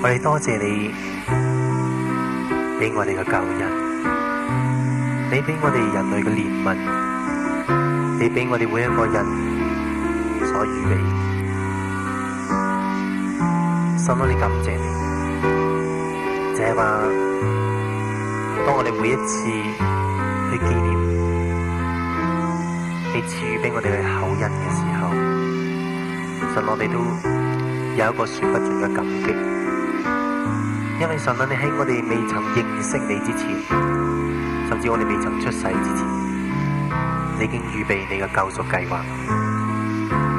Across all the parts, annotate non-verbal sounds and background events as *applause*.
我哋多謝你俾我哋嘅救恩，你俾我哋人類嘅憐憫，你俾我哋每一個人所預備，心裏啲感謝你。就係話，當我哋每一次去紀念你賜予俾我哋嘅口恩嘅時候。神，我哋都有一個說不盡嘅感激，因為神啊，你喺我哋未曾認識你之前，甚至我哋未曾出世之前，你已經預備你嘅救贖計劃，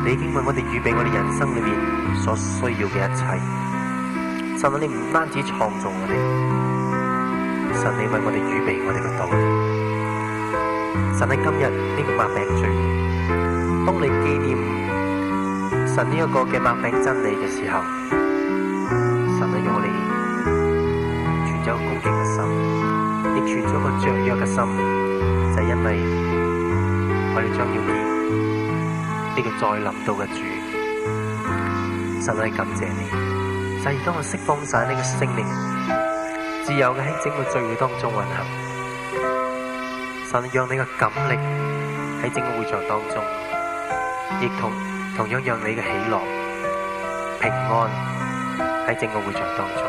你已經為我哋預備我哋人生裏邊所需要嘅一切。神啊，你唔單止創造我哋，神你為我哋預備我哋嘅道理。神喺今日呢，唔發病傳，當你紀念。神呢一個嘅萬丙真理嘅時候，神都讓我哋存咗恭敬嘅心，亦存咗個雀躍嘅心，就係因為我哋將要見呢個再臨到嘅主，神係感謝你。就係當我釋放晒你嘅聖靈，自由嘅喺整個聚會當中運行，神讓你嘅感力喺整個會場當中，亦同。同樣讓你嘅喜樂、平安喺整個會場當中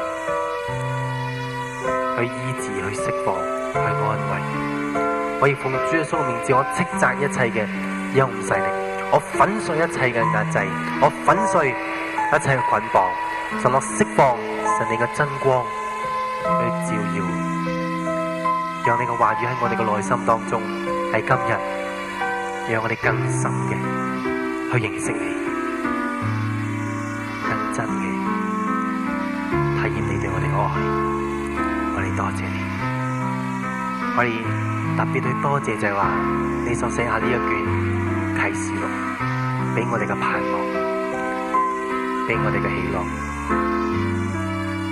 去醫治、去釋放、去安慰。我要奉主耶穌嘅名字，我斥責一切嘅陰暗勢力，我粉碎一切嘅壓制，我粉碎一切嘅捆綁，就落釋放神你嘅真光去照耀，讓你嘅話語喺我哋嘅內心當中。喺今日，讓我哋更深嘅。去認識你，更真嘅體驗你對我哋嘅愛，我哋多謝你。我哋特別對多謝就係話，你所寫下呢一卷啟示錄，俾我哋嘅盼望，俾我哋嘅喜樂，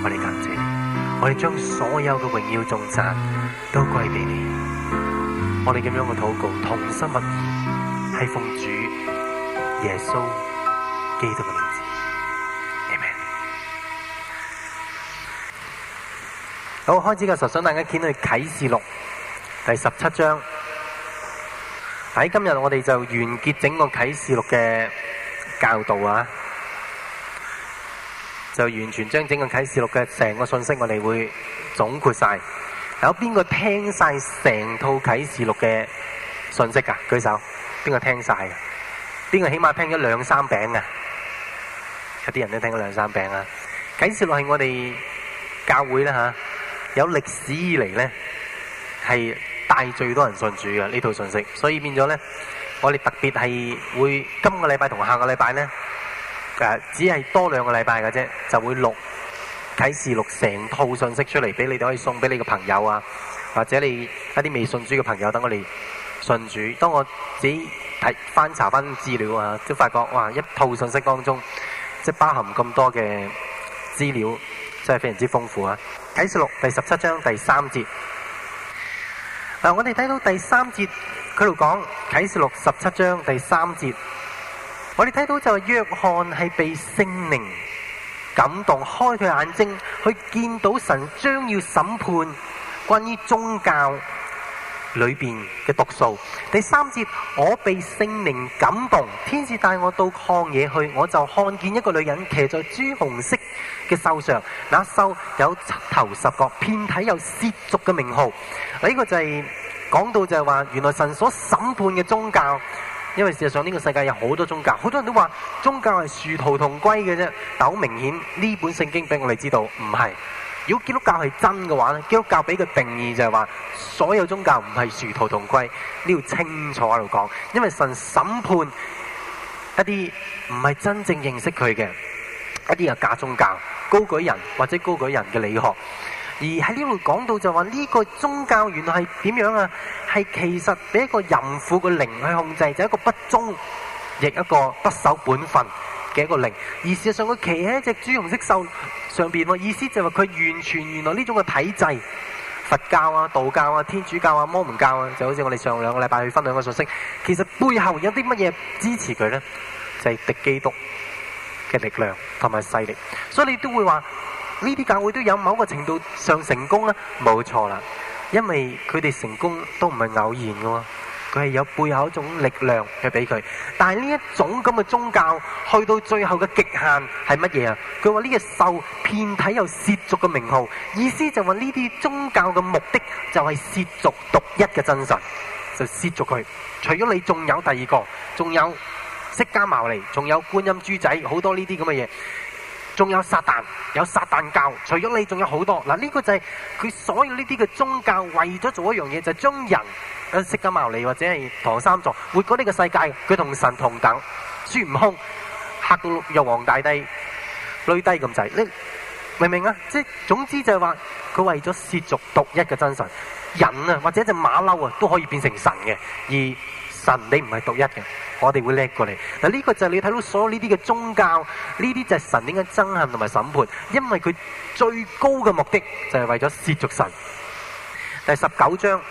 我哋感謝你。我哋將所有嘅榮耀重贊都歸俾你。我哋咁樣嘅禱告，同心默禱，係奉主耶穌基督嘅名字你明。Amen. 好，開始嘅時候，想大家睇去啟示錄第十七章。喺今日我哋就完結整個啟示錄嘅教導啊，就完全將整個啟示錄嘅成個信息，我哋會總括晒。有邊個聽晒成套啟示錄嘅信息㗎、啊？舉手，邊個聽晒？邊個起碼聽咗兩三餅啊？有啲人都聽咗兩三餅啊！啟示錄係我哋教會啦吓，有歷史以嚟咧係帶最多人信主嘅呢套信息，所以變咗咧，我哋特別係會今個禮拜同下個禮拜咧，誒，只係多兩個禮拜嘅啫，就會錄啟示錄成套信息出嚟俾你哋，可以送俾你嘅朋友啊，或者你一啲未信主嘅朋友，等我哋信主。當我自己。睇翻查翻資料啊，都發覺哇，一套信息當中即係包含咁多嘅資料，真係非常之豐富啊！啟示錄第十七章第三節，嗱、啊、我哋睇到第三節，佢度講啟示錄十七章第三節，我哋睇到就係約翰係被聖靈感動，開佢眼睛去見到神將要審判關於宗教。裏邊嘅毒素。第三節，我被聖靈感動，天使帶我到曠野去，我就看見一個女人騎在朱紅色嘅獸上，那獸有七頭十角，遍體有褻瀆嘅名號。呢、這個就係、是、講到就係話，原來神所審判嘅宗教，因為事實上呢個世界有好多宗教，好多人都話宗教係殊途同歸嘅啫，但好明顯呢本聖經俾我哋知道唔係。不是如果基督教係真嘅話呢，基督教俾佢定義就係話，所有宗教唔係殊途同歸，呢度清楚喺度講，因為神審判一啲唔係真正認識佢嘅一啲係假宗教、高舉人或者高舉人嘅理學，而喺呢度講到就話呢、這個宗教原來係點樣啊？係其實俾一個淫婦嘅靈去控制，就是、一個不忠，亦一個不守本分。嘅一個零，而事實上佢企喺隻朱紅色獸上面，意思就係話佢完全原來呢種嘅體制，佛教啊、道教啊、天主教啊、摩門教啊，就好似我哋上兩個禮拜去分享嘅信息，其實背後有啲乜嘢支持佢呢？就係、是、敵基督嘅力量同埋勢力，所以你都會話呢啲教會都有某個程度上成功呢？冇錯啦，因為佢哋成功都唔係偶然嘅。佢係有背後一種力量去俾佢，但係呢一種咁嘅宗教，去到最後嘅極限係乜嘢啊？佢話呢個獸遍體有褻瀆嘅名號，意思就話呢啲宗教嘅目的就係褻瀆獨一嘅真神，就褻瀆佢。除咗你，仲有第二個，仲有釋迦牟尼，仲有觀音豬仔，好多呢啲咁嘅嘢。仲有撒旦，有撒旦教，除咗你，仲有好多嗱。呢個就係佢所有呢啲嘅宗教，為咗做一樣嘢，就係將人啊釋迦牟尼或者係唐三藏活過呢個世界，佢同神同等。孫悟空吓到玉皇大帝衰低咁滯，你明唔明啊？即係總之就係話，佢為咗褻瀆獨一嘅真神，人啊或者隻馬騮啊都可以變成神嘅而。神你唔係獨一嘅，我哋會叻過你。嗱，呢個就係你睇到所有呢啲嘅宗教，呢啲就係神應該憎恨同埋審判，因為佢最高嘅目的就係為咗褻瀆神。第十九章，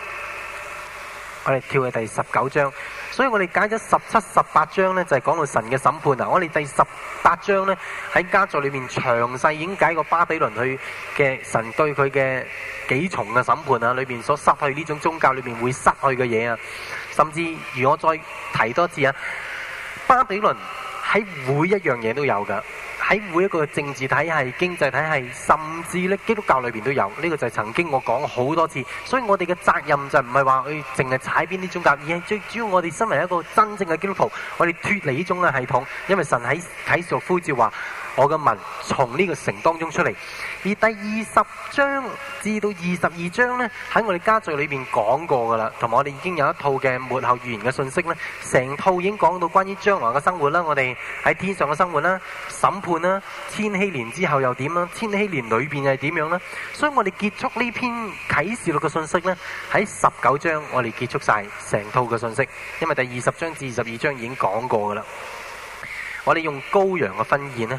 我哋跳去第十九章。所以我哋解咗十七、十八章呢，就係、是、講到神嘅審判啊，我哋第十八章呢，喺家族裏面詳細已經解過巴比倫去嘅神對佢嘅幾重嘅審判啊，裏面所失去呢種宗教裏面會失去嘅嘢啊，甚至如果再提多次啊，巴比倫。喺每一樣嘢都有噶，喺每一個政治體系、經濟體系，甚至咧基督教裏邊都有。呢、這個就係曾經我講好多次。所以我哋嘅責任就唔係話去淨係踩邊啲宗教，而係最主要我哋身為一個真正嘅基督徒，我哋脫離呢種嘅系統，因為神喺啟示錄呼召話，我嘅民從呢個城當中出嚟。而第二十章至到二十二章呢，喺我哋家族裏邊講過噶啦，同埋我哋已經有一套嘅末後預言嘅信息呢，成套已經講到關於將來嘅生活啦，我哋喺天上嘅生活啦、審判啦、千禧年之後又點啦、千禧年裏邊又係點樣啦，所以我哋結束呢篇啟示錄嘅信息呢，喺十九章我哋結束晒成套嘅信息，因為第二十章至二十二章已經講過噶啦，我哋用羔羊嘅婚宴呢，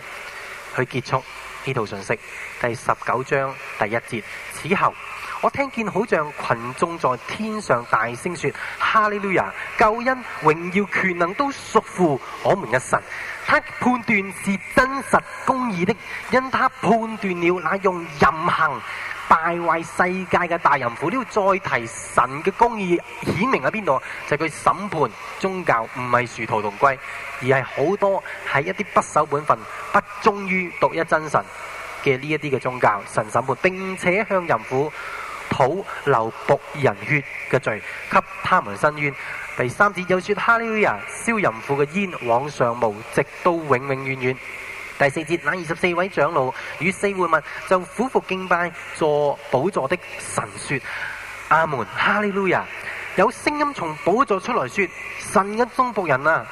去結束呢套信息。第十九章第一節，此後我聽見好像群眾在天上大聲說：哈利路亞！救恩榮耀權能都屬乎我們嘅神。他判斷是真實公義的，因他判斷了那用淫行敗壞世界嘅大淫婦。都再提神嘅公義顯明喺邊度？就係佢審判宗教唔係殊途同歸，而係好多係一啲不守本分、不忠於獨一真神。嘅呢一啲嘅宗教，神審判，並且向淫婦討流僕人血嘅罪，給他們伸冤。第三節又說哈利路亞，燒淫婦嘅煙往上冒，直到永永遠遠。第四節那二十四位長老與四活物就俯伏敬拜，坐寶座的神說：阿門，哈利路亞！有聲音從寶座出來說：神一眾僕人啊，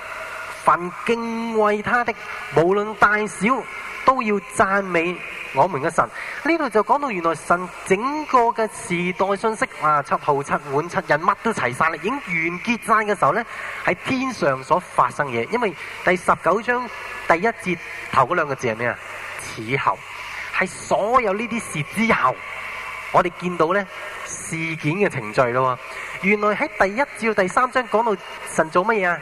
凡敬畏他的，無論大小。都要讚美我們嘅神。呢度就講到原來神整個嘅時代信息，啊、七號七碗七人，乜都齊曬啦，已經完結曬嘅時候呢，喺天上所發生嘅嘢。因為第十九章第一節頭嗰兩個字係咩啊？此後，係所有呢啲事之後，我哋見到呢。事件嘅程序咯，原來喺第一至第三章講到神做乜嘢啊？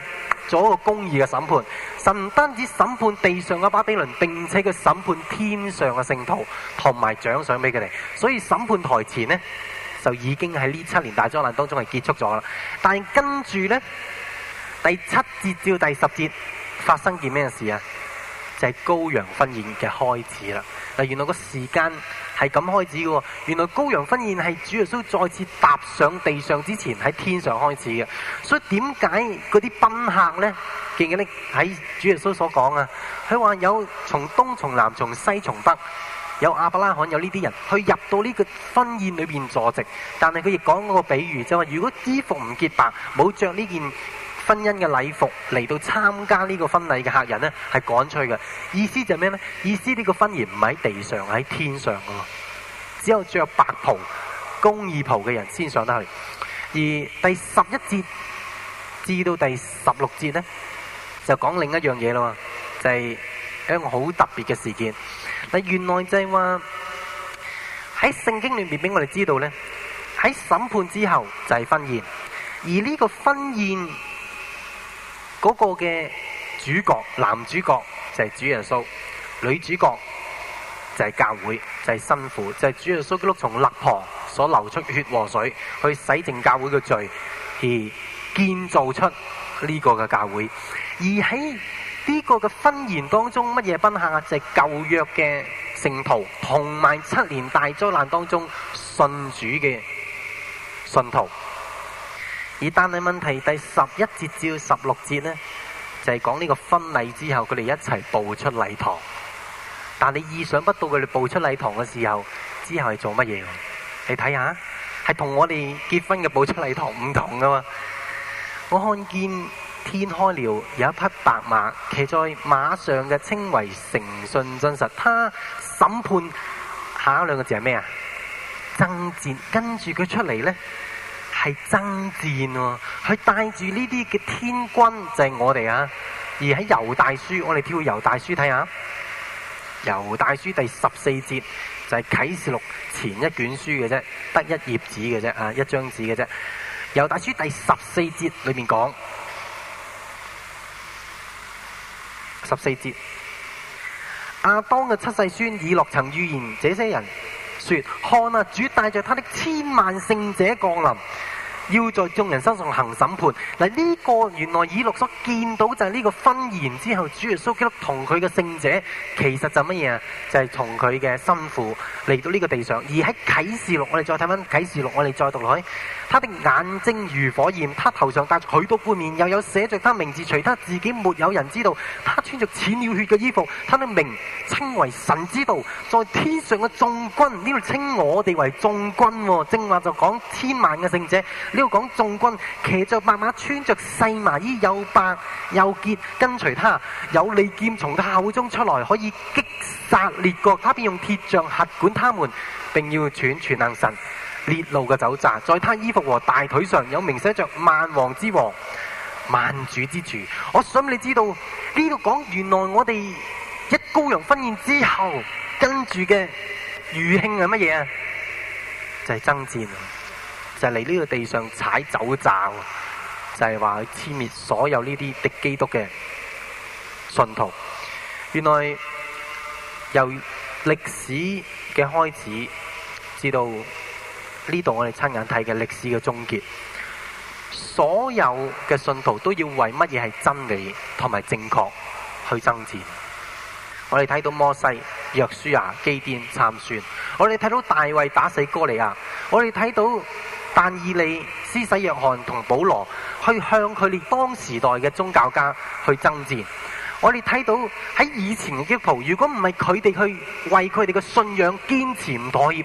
做一個公義嘅審判，神唔單止審判地上嘅巴比倫，並且佢審判天上嘅聖徒同埋獎賞俾佢哋。所以審判台前咧就已經喺呢七年大災難當中係結束咗啦。但係跟住咧第七節至第十節發生件咩事啊？就係羔羊婚宴嘅開始啦。嗱，原來個時間。係咁開始嘅喎，原來羔羊婚宴係主耶穌再次踏上地上之前喺天上開始嘅，所以點解嗰啲賓客呢？記唔記得呢，喺主耶穌所講啊？佢話有從東、從南、從西、從北，有阿伯拉罕，有呢啲人去入到呢個婚宴裏面坐席，但係佢亦講嗰個比喻，就話，如果衣服唔潔白，冇著呢件。婚姻嘅禮服嚟到參加呢個婚禮嘅客人呢，係趕出去嘅。意思就係咩呢？意思呢個婚宴唔喺地上，喺天上噶。只有着白袍，公義袍嘅人先上得去。而第十一節至到第十六節呢，就講另一樣嘢咯，就係有一個好特別嘅事件。嗱，原來就係話喺聖經裏面俾我哋知道呢，喺審判之後就係婚宴，而呢個婚宴。嗰、那個嘅主角，男主角就係、是、主耶穌，女主角就係、是、教會，就係、是、信徒，就係、是、主耶穌基督從肋旁所流出血和水，去洗淨教會嘅罪，而建造出呢個嘅教會。而喺呢個嘅婚宴當中，乜嘢賓客就係、是、舊約嘅聖徒，同埋七年大災難當中信主嘅信徒。而單乃問題第十一節至十六節呢，就係講呢個婚禮之後佢哋一齊步出禮堂，但你意想不到佢哋步出禮堂嘅時候，之後係做乜嘢？你睇下，係同我哋結婚嘅步出禮堂唔同㗎嘛。我看見天開了，有一匹白馬騎在馬上嘅，稱為誠信真實。他審判下兩個字係咩啊？爭戰，跟住佢出嚟呢。係爭戰喎、啊，佢帶住呢啲嘅天軍就係、是、我哋啊，而喺猶大書，我哋跳猶大書睇下，猶大書第十四節就係、是、啟示錄前一卷書嘅啫，得一頁紙嘅啫啊，一張紙嘅啫。猶大書第十四節裏面講十四節，阿當嘅七世孫以諾曾預言這些人，說看啊！主帶著他的千萬聖者降臨。要在眾人身上行審判。嗱、這、呢個原來以六所見到就係呢個婚宴之後，主耶穌基督同佢嘅聖者，其實就乜嘢啊？就係從佢嘅辛苦嚟到呢個地上。而喺啟示錄，我哋再睇翻啟示錄，我哋再讀落去。他的眼睛如火焰，他頭上戴住許多冠冕，又有寫著他名字，除他自己沒有人知道。他穿着濺了血嘅衣服，他的名稱為神之道，在天上嘅眾軍，呢度稱我哋為眾軍喎。正話就講千萬嘅聖者。呢度講眾軍騎著白馬，穿着細麻衣，又白又潔，跟隨他。有利劍從他口中出來，可以擊殺列國。他便用鐵杖轄管他們，並要踹全能神烈怒嘅酒醡。在他衣服和大腿上有名寫着萬王之王、萬主之主。我想你知道呢度講，原來我哋一羔羊婚宴之後，跟住嘅餘興係乜嘢啊？就係、是、爭戰。就係，嚟呢個地上踩酒醡，就係話去消滅所有呢啲敵基督嘅信徒。原來由歷史嘅開始，至到呢度我哋親眼睇嘅歷史嘅終結，所有嘅信徒都要為乜嘢係真理同埋正確去爭戰。我哋睇到摩西、約書亞、基甸、參孫，我哋睇到大衛打死哥利亞，我哋睇到。但以理、施洗約翰同保羅去向佢哋當時代嘅宗教家去爭戰，我哋睇到喺以前嘅基督徒，如果唔係佢哋去為佢哋嘅信仰堅持唔妥協、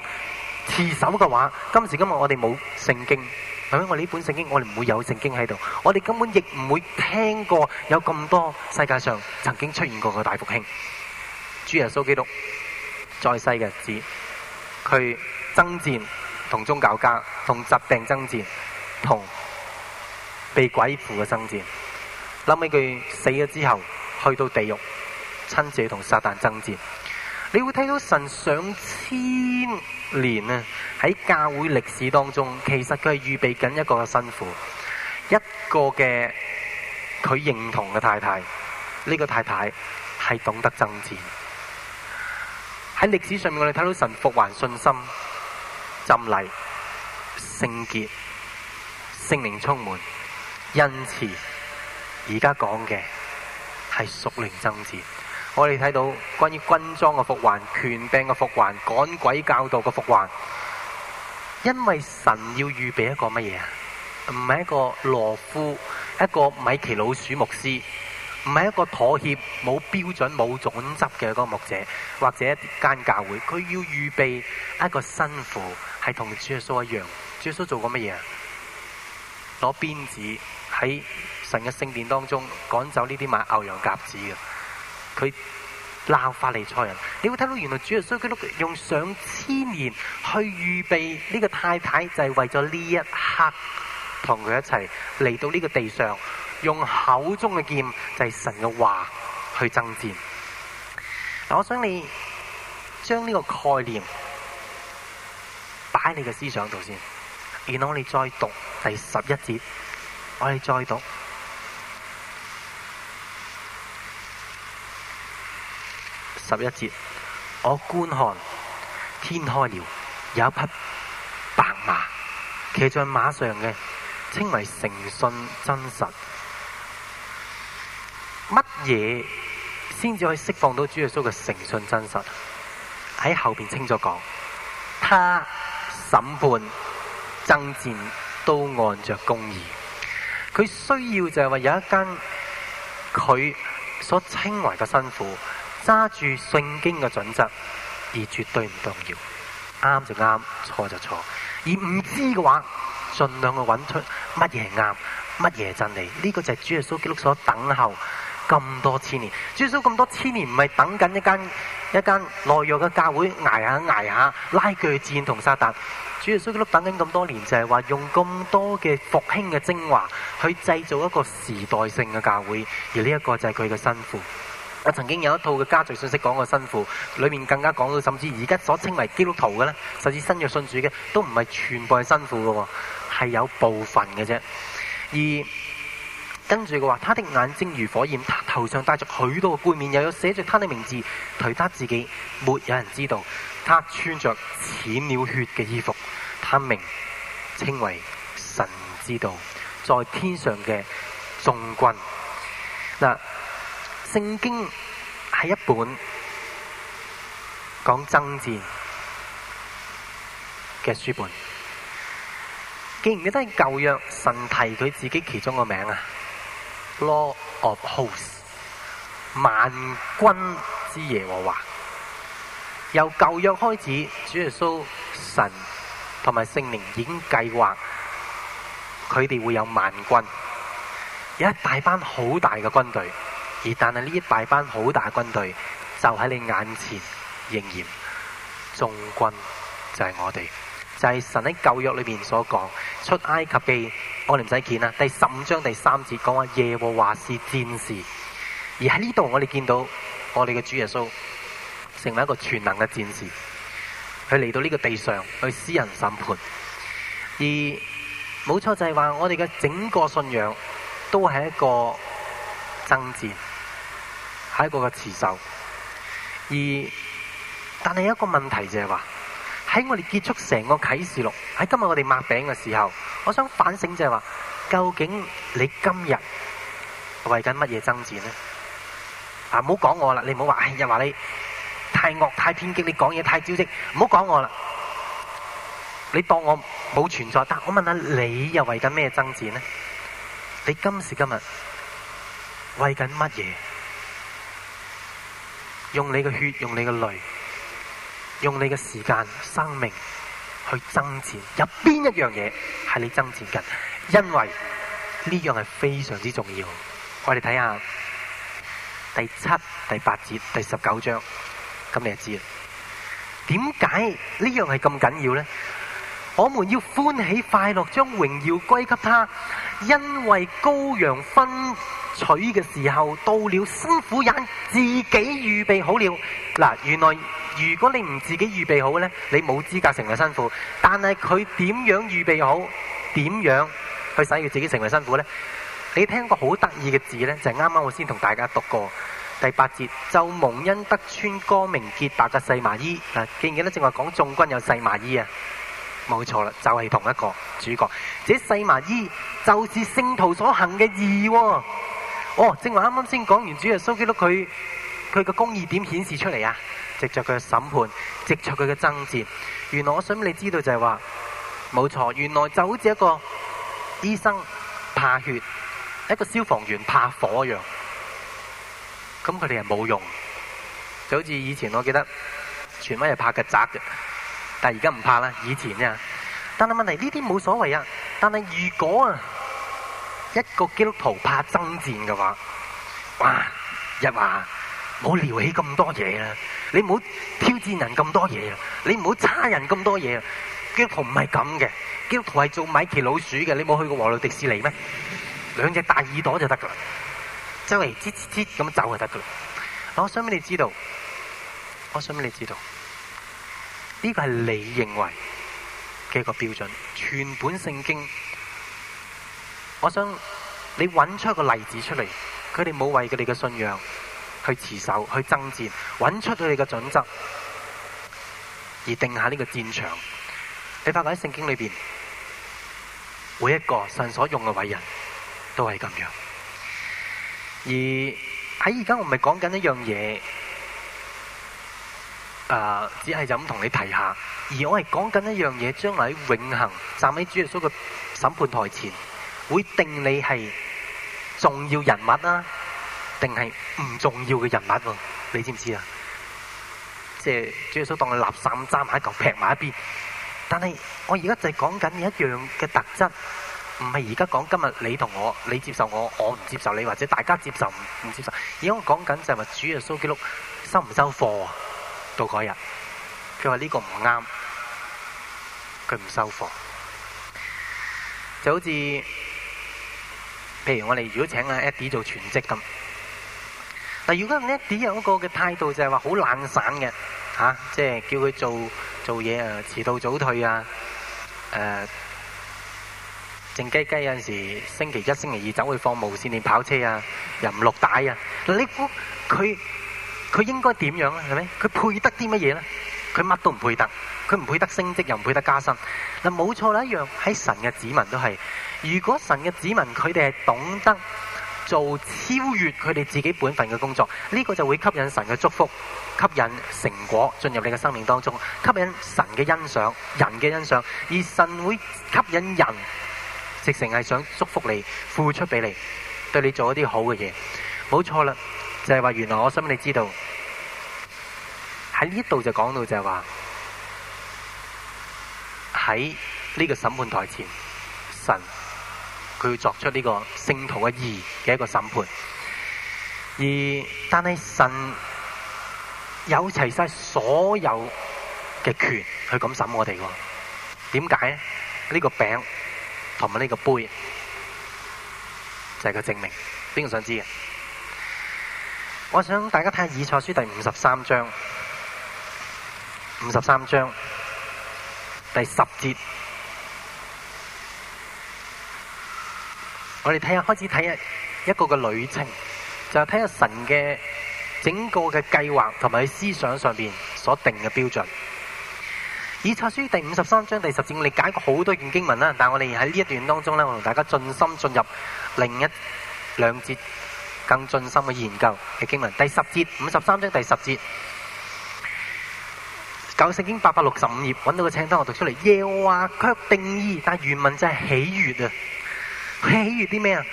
持守嘅話，今時今日我哋冇聖經，係咪？我哋呢本聖經，我哋唔會有聖經喺度，我哋根本亦唔會聽過有咁多世界上曾經出現過嘅大復興。主耶穌基督在世嘅日子，佢爭戰。同宗教家同疾病爭戰，同被鬼附嘅爭戰。諗起佢死咗之後，去到地獄，親自同撒旦爭戰。你會睇到神上千年啊，喺教會歷史當中，其實佢係預備緊一個嘅新婦，一個嘅佢認同嘅太太。呢、這個太太係懂得爭戰。喺歷史上面，我哋睇到神復還信心。浸禮聖潔聖靈充滿恩賜，而家講嘅係屬靈爭戰。我哋睇到關於軍裝嘅復還、權柄嘅復還、趕鬼教導嘅復還，因為神要預備一個乜嘢啊？唔係一個羅夫，一個米奇老鼠牧師。唔係一個妥協、冇標準、冇準則嘅嗰個牧者或者間教會，佢要預備一個新婦，係同主耶穌一樣。主耶穌做過乜嘢啊？攞鞭子喺神嘅聖殿當中趕走呢啲買牛羊夾子嘅，佢鬧法利賽人。你會睇到原來主耶穌基督用上千年去預備呢個太太，就係、是、為咗呢一刻同佢一齊嚟到呢個地上。用口中嘅劍就係、是、神嘅話去爭戰。我想你將呢個概念擺喺你嘅思想度先，然後你再讀第十一節。我哋再讀十一節。我觀看天開了，有一匹白馬騎在馬上嘅，稱為誠信真實。乜嘢先至可以釋放到主耶穌嘅誠信真實？喺後邊清楚講，他審判、爭戰都按着公義。佢需要就係話有一間佢所稱為嘅辛苦，揸住聖經嘅準則而絕對唔動搖。啱就啱，錯就錯、錯。而唔知嘅話，盡量去揾出乜嘢係啱，乜嘢係真理。呢、這個就係主耶穌基督所等候。咁多千年，主耶穌咁多千年唔係等緊一間一間內約嘅教會挨下挨下拉鋸戰同撒旦，主耶穌都等緊咁多年，就係話用咁多嘅復興嘅精華去製造一個時代性嘅教會，而呢一個就係佢嘅新婦。我曾經有一套嘅家族信息講過新婦，裏面更加講到，甚至而家所稱為基督徒嘅呢，甚至新約信主嘅，都唔係全部係新婦嘅，係有部分嘅啫。而跟住嘅話，他的眼睛如火焰，他頭上戴着許多個冠冕，又有寫着他的名字，除他自己，沒有人知道。他穿着濺了血嘅衣服，他名稱為神之道，在天上嘅眾軍。嗱，聖經係一本講爭戰嘅書本，記唔記得喺舊約神提佢自己其中個名啊？Lord of Hosts 萬軍之耶和華，由舊約開始，主耶穌神同埋聖靈已經計劃，佢哋會有萬軍，有一大班好大嘅軍隊，而但係呢一大班好大嘅軍隊就喺你眼前，仍然眾軍就係我哋，就係、是、神喺舊約裏邊所講出埃及記。我哋唔使見啦。第十五章第三節講話耶和華是戰士，而喺呢度我哋見到我哋嘅主耶穌成為一個全能嘅戰士，佢嚟到呢個地上去私人審判。而冇錯就係話我哋嘅整個信仰都係一個爭戰，係一個嘅持守。而但係有一個問題就係話。喺我哋結束成個啟示錄，喺今日我哋抹餅嘅時候，我想反省就係話，究竟你今日為緊乜嘢爭戰呢？啊，唔好講我啦，你唔好話，又、哎、話你太惡、太偏激，你講嘢太招積，唔好講我啦。你當我冇存在，但我問下你又為緊咩爭戰呢？你今時今日為緊乜嘢？用你嘅血，用你嘅淚。用你嘅時間、生命去賺錢，有邊一樣嘢係你賺錢緊？因為呢樣係非常之重要。我哋睇下第七、第八節、第十九章，咁你就知啦。點解呢樣係咁緊要咧？我們要歡喜快樂，將榮耀歸給他，因為羔羊分。娶嘅時候到了，新婦人自己預備好了嗱。原來如果你唔自己預備好呢，你冇資格成為新婦。但係佢點樣預備好？點樣去使佢自己成為新婦呢？你聽過好得意嘅字呢，就係啱啱我先同大家讀過第八節，就蒙恩得穿光明潔白嘅細麻衣。記唔記得？正話講眾軍有細麻衣啊，冇錯啦，就係、是、同一個主角。這細麻衣就是聖徒所行嘅義。哦。哦，正話啱啱先講完主耶穌基督佢佢嘅公義點顯示出嚟啊！藉着佢嘅審判，藉着佢嘅爭戰，原來我想俾你知道就係話冇錯，原來就好似一個醫生怕血，一個消防員怕火一樣，咁佢哋係冇用，就好似以前我記得全威係怕曱甴嘅，但係而家唔怕啦，以前啊，但係問題呢啲冇所謂啊，但係如果啊。一個基督徒怕爭戰嘅話，哇！日華，唔好撩起咁多嘢呀，你唔好挑戰人咁多嘢呀，你唔好差人咁多嘢啊！基督徒唔係咁嘅，基督徒係做米奇老鼠嘅。你冇去過和路迪士尼咩？兩隻大耳朵就得噶啦，周圍吱吱吱咁走就得噶啦。我想俾你知道，我想俾你知道，呢個係你認為嘅個個標準，全本聖經。我想你揾出一個例子出嚟，佢哋冇為佢哋嘅信仰去持守、去爭戰，揾出佢哋嘅準則而定下呢個戰場。你發覺喺聖經裏邊，每一個神所用嘅偉人都係咁樣。而喺而家我唔係講緊一樣嘢，誒、呃，只係就咁同你提一下。而我係講緊一樣嘢，將來永恆站喺主耶穌嘅審判台前。會定你係重要人物啊，定係唔重要嘅人物喎？你知唔知啊？即係主耶穌當你垃圾咁揸埋一嚿，撇埋一邊。但係我而家就係講緊一樣嘅特質，唔係而家講今日你同我，你接受我，我唔接受你，或者大家接受唔唔接受。而家我講緊就係話主耶穌記錄收唔收貨啊？到嗰日，佢話呢個唔啱，佢唔收貨，就好似。譬如我哋如果請阿 Eddie 做全職咁，嗱，如果阿 Eddie 有一個嘅態度就係話好懶散嘅，吓，即係叫佢做做嘢啊，遲到早退啊，誒，靜雞雞有陣時星期一、星期二走去放無線電跑車啊，又唔落帶啊，嗱，你估佢佢應該點樣咧？係咪？佢配得啲乜嘢咧？佢乜都唔配得，佢唔配得升職又唔配得加薪。嗱，冇錯啦，一樣喺神嘅子民都係。如果神嘅子民佢哋係懂得做超越佢哋自己本份嘅工作，呢、這個就會吸引神嘅祝福，吸引成果進入你嘅生命當中，吸引神嘅欣賞、人嘅欣賞，而神會吸引人，直情係想祝福你，付出俾你，對你做一啲好嘅嘢。冇錯啦，就係、是、話原來我心裏知道喺呢度就講到就係話喺呢個審判台前，神。佢要作出呢個聖徒嘅義嘅一個審判，而但係神有齊晒所有嘅權去咁審我哋喎。點解咧？呢個餅同埋呢個杯就係個證明。邊個想知嘅？我想大家睇下《以賽書》第五十三章，五十三章第十節。我哋睇下，開始睇下一個嘅旅程，就係睇下神嘅整個嘅計劃同埋佢思想上邊所定嘅標準。以賽亞書第五十三章第十節，我哋解過好多段經文啦，但係我哋喺呢一段當中咧，我同大家盡心進入另一兩節更盡心嘅研究嘅經文。第十節五十三章第十節，舊聖經八百六十五頁搵到個請單，我讀出嚟。耶和華卻定意，但原文真係喜悅啊！佢喜悅啲咩啊？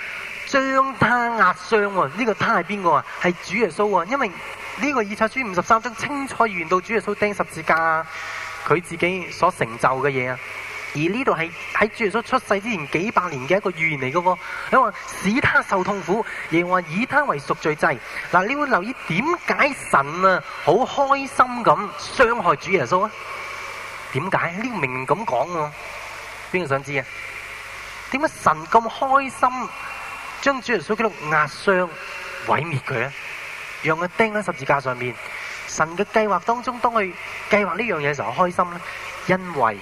將他壓傷喎，呢個他係邊個啊？係主耶穌啊！因為呢個《以賽亞書》五十三章清楚預言到主耶穌釘十字架，佢自己所成就嘅嘢啊！而呢度係喺主耶穌出世之前幾百年嘅一個預言嚟噶喎。因話使他受痛苦，亦話以他為贖罪祭。嗱，你會留意點解神啊好開心咁傷害主耶穌啊？點解呢個明明咁講喎？邊個想知啊？點解神咁開心將主耶穌基督壓傷、毀滅佢咧？讓佢釘喺十字架上面。神嘅計劃當中，當佢計劃呢樣嘢嘅時候開心咧，因為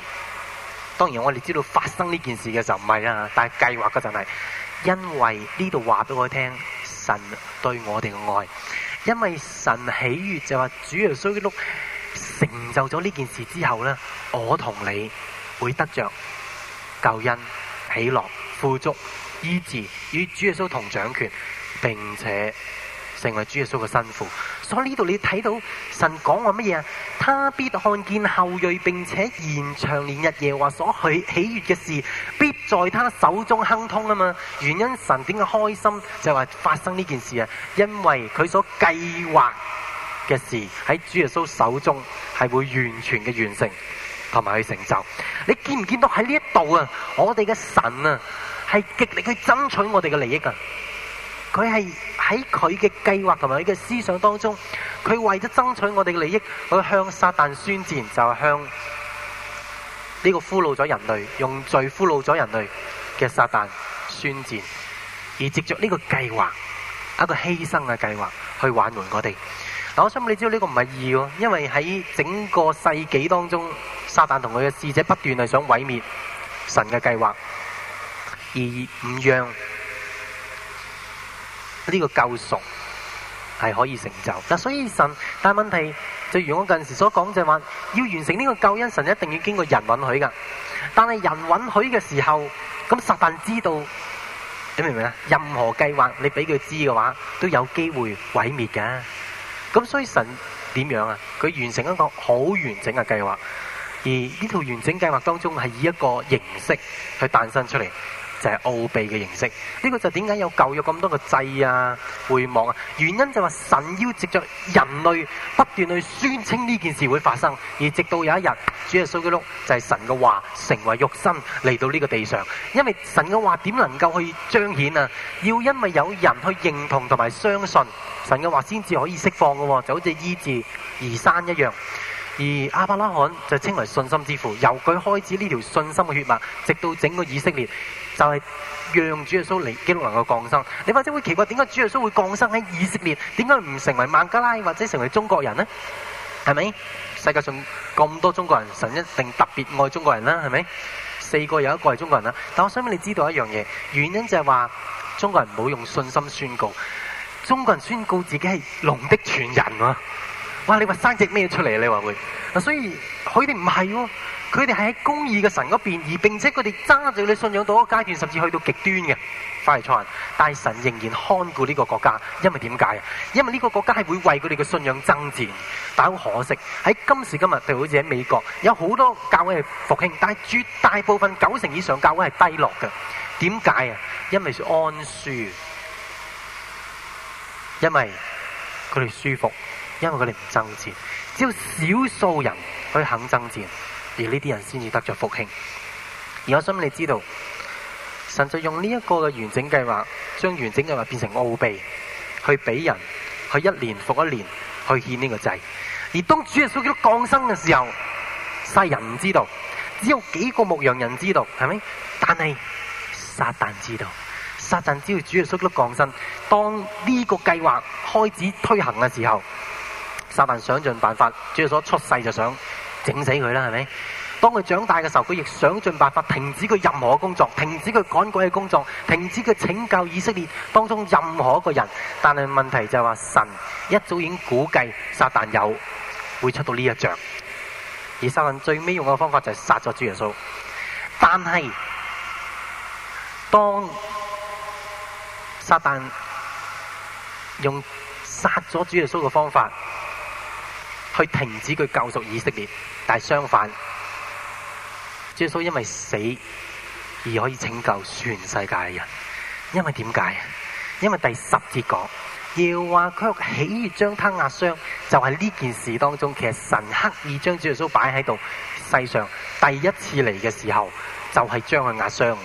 當然我哋知道發生呢件事嘅時候唔係啦，但係計劃嘅就係因為呢度話俾我聽，神對我哋嘅愛，因為神喜悦就話主耶穌基督成就咗呢件事之後咧，我同你會得着救恩。喜樂、富足、醫治與主耶穌同掌權，並且成為主耶穌嘅新婦。所以呢度你睇到神講話乜嘢啊？他必看見後裔，並且延長年日，耶和華所許喜悅嘅事，必在他手中亨通啊嘛。原因神點解開心就係話發生呢件事啊？因為佢所計劃嘅事喺主耶穌手中係會完全嘅完成。同埋去成就，你見唔見到喺呢一度啊？我哋嘅神啊，係極力去爭取我哋嘅利益啊！佢係喺佢嘅計劃同埋佢嘅思想當中，佢為咗爭取我哋嘅利益，佢向撒旦宣戰，就係、是、向呢個俘虜咗人類、用罪俘虜咗人類嘅撒旦宣戰，而接着呢個計劃一個犧牲嘅計劃去挽回我哋。但我想你知道呢、呢個唔係意喎，因為喺整個世紀當中。撒旦同佢嘅使者不斷係想毀滅神嘅計劃，而唔讓呢個救贖係可以成就。嗱，所以神但係問題就如我近時所講，就係話要完成呢個救恩，神一定要經過人允許噶。但係人允許嘅時候，咁撒旦知道，你明唔明啊？任何計劃你俾佢知嘅話，都有機會毀滅噶。咁所以神點樣啊？佢完成一個好完整嘅計劃。而呢套完整計劃當中係以一個形式去誕生出嚟，就係、是、奧秘嘅形式。呢、這個就點解有舊約咁多個祭啊、回望啊？原因就話神要藉著人類不斷去宣稱呢件事會發生，而直到有一日，主耶穌基督就係、是、神嘅話成為肉身嚟到呢個地上。因為神嘅話點能夠去彰顯啊？要因為有人去認同同埋相信神嘅話先至可以釋放嘅喎，就好似醫治移山一樣。而亞伯拉罕就稱為信心之父，由佢開始呢條信心嘅血脈，直到整個以色列就係、是、讓主耶穌嚟記錄能夠降生。你或者會奇怪，點解主耶穌會降生喺以色列？點解唔成為孟加拉，或者成為中國人呢？係咪世界上咁多中國人，神一定特別愛中國人啦？係咪四個有一個係中國人啦？但我想信你知道一樣嘢，原因就係話中國人冇用信心宣告，中國人宣告自己係龍的傳人。哇！你話生隻咩出嚟啊？你話會，所以佢哋唔係喎，佢哋係喺公義嘅神嗰邊，而並且佢哋揸住你信仰到一個階段，甚至去到極端嘅，快嚟錯，但係神仍然看顧呢個國家，因為點解啊？因為呢個國家係會為佢哋嘅信仰爭戰，但好可惜喺今時今日，就好似喺美國，有好多教會係復興，但係絕大部分九成以上教會係低落嘅。點解啊？因為是安舒，因為佢哋舒服。因為佢哋唔爭戰，只有少數人去肯爭戰，而呢啲人先至得着復興。而我想俾你知道，神就用呢一個嘅完整計劃，將完整計劃變成奧秘，去俾人去一年復一年去獻呢個祭。而當主耶穌基督降生嘅時候，世人唔知道，只有幾個牧羊人知道，係咪？但係撒旦知道，撒旦知道主耶穌基督降生。當呢個計劃開始推行嘅時候。撒但想盡辦法，主耶穌出世就想整死佢啦，係咪？當佢長大嘅時候，佢亦想盡辦法停止佢任何工作，停止佢趕鬼嘅工作，停止佢拯救以色列當中任何一個人。但係問題就係話，神一早已經估計撒但有會出到呢一仗，而撒但最尾用嘅方法就係殺咗主耶穌。但係當撒但用殺咗主耶穌嘅方法。去停止佢救贖以色列，但係相反，主耶穌因為死而可以拯救全世界嘅人。因為點解啊？因為第十節講，耶和華卻喜悅將他壓傷，就係、是、呢件事當中，其實神刻意將主耶穌擺喺度，世上第一次嚟嘅時候，就係、是、將佢壓傷。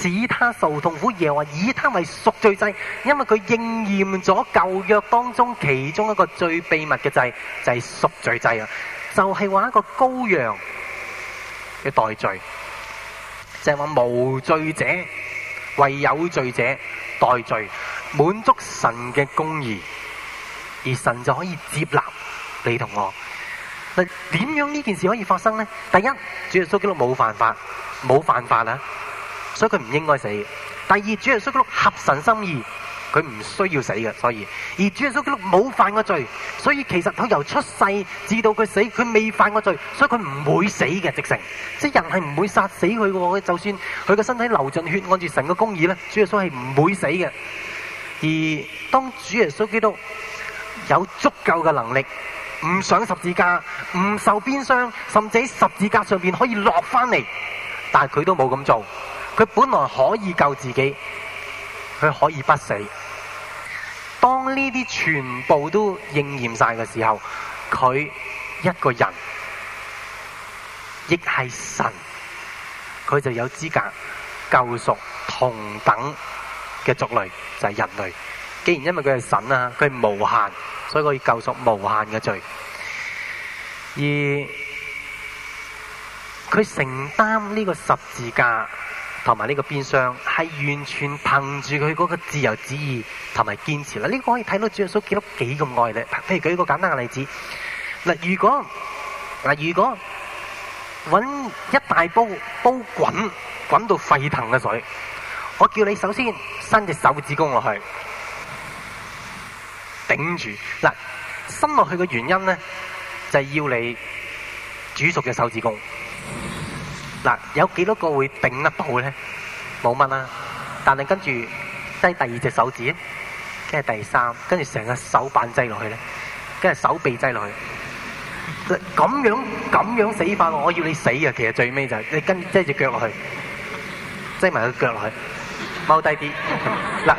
使他受痛苦，亦話以他為贖罪祭，因為佢應驗咗舊約當中其中一個最秘密嘅祭，就係、是、贖罪祭啊！就係、是、話一個羔羊嘅代罪，就係、是、話無罪者為有罪者代罪，滿足神嘅公義，而神就可以接納你同我。但點樣呢件事可以發生呢？第一，主耶穌基督冇犯法，冇犯法啊！所以佢唔應該死。第二，主耶穌基督合神心意，佢唔需要死嘅。所以，而主耶穌基督冇犯過罪，所以其實佢由出世至到佢死，佢未犯過罪，所以佢唔會死嘅。直情，即人係唔會殺死佢嘅。就算佢個身體流盡血，按住神嘅公義咧，主耶穌係唔會死嘅。而當主耶穌基督有足夠嘅能力，唔上十字架，唔受鞭傷，甚至喺十字架上邊可以落翻嚟，但係佢都冇咁做。佢本來可以救自己，佢可以不死。當呢啲全部都應驗晒嘅時候，佢一個人亦係神，佢就有資格救贖同等嘅族類，就係、是、人類。既然因為佢係神啊，佢係無限，所以佢要救贖無限嘅罪。而佢承擔呢個十字架。同埋呢個變相係完全憑住佢嗰個自由旨意同埋堅持啦，呢個可以睇到主耶穌幾多幾咁愛你。譬如舉個簡單嘅例子，嗱，如果嗱，如果揾一大煲煲滾滾到沸騰嘅水，我叫你首先伸隻手指公落去頂住。嗱，伸落去嘅原因咧，就係要你煮熟隻手指公。嗱，有幾多個會頂得到咧？冇乜啦。但係跟住擠第二隻手指，跟住第三，跟住成個手板擠落去咧，跟住手臂擠落去。咁樣咁樣死法，我要你死啊！其實最尾就係你跟住擠隻腳落去，擠埋個腳落去，踎低啲。嗱，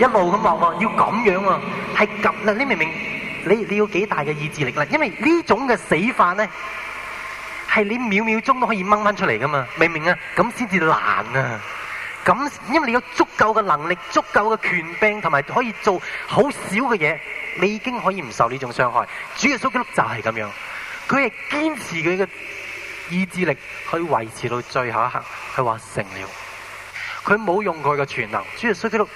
一路咁望喎，要咁樣喎，係咁啦。你明明你你要幾大嘅意志力啦？因為呢種嘅死法咧。係你秒秒鐘都可以掹返出嚟噶嘛？明唔明啊？咁先至難啊！咁因為你有足夠嘅能力、足夠嘅權柄，同埋可以做好少嘅嘢，你已經可以唔受呢種傷害。主耶穌基督就係咁樣，佢係堅持佢嘅意志力，去維持到最後一刻，佢話成了。佢冇用佢嘅全能，主耶穌基督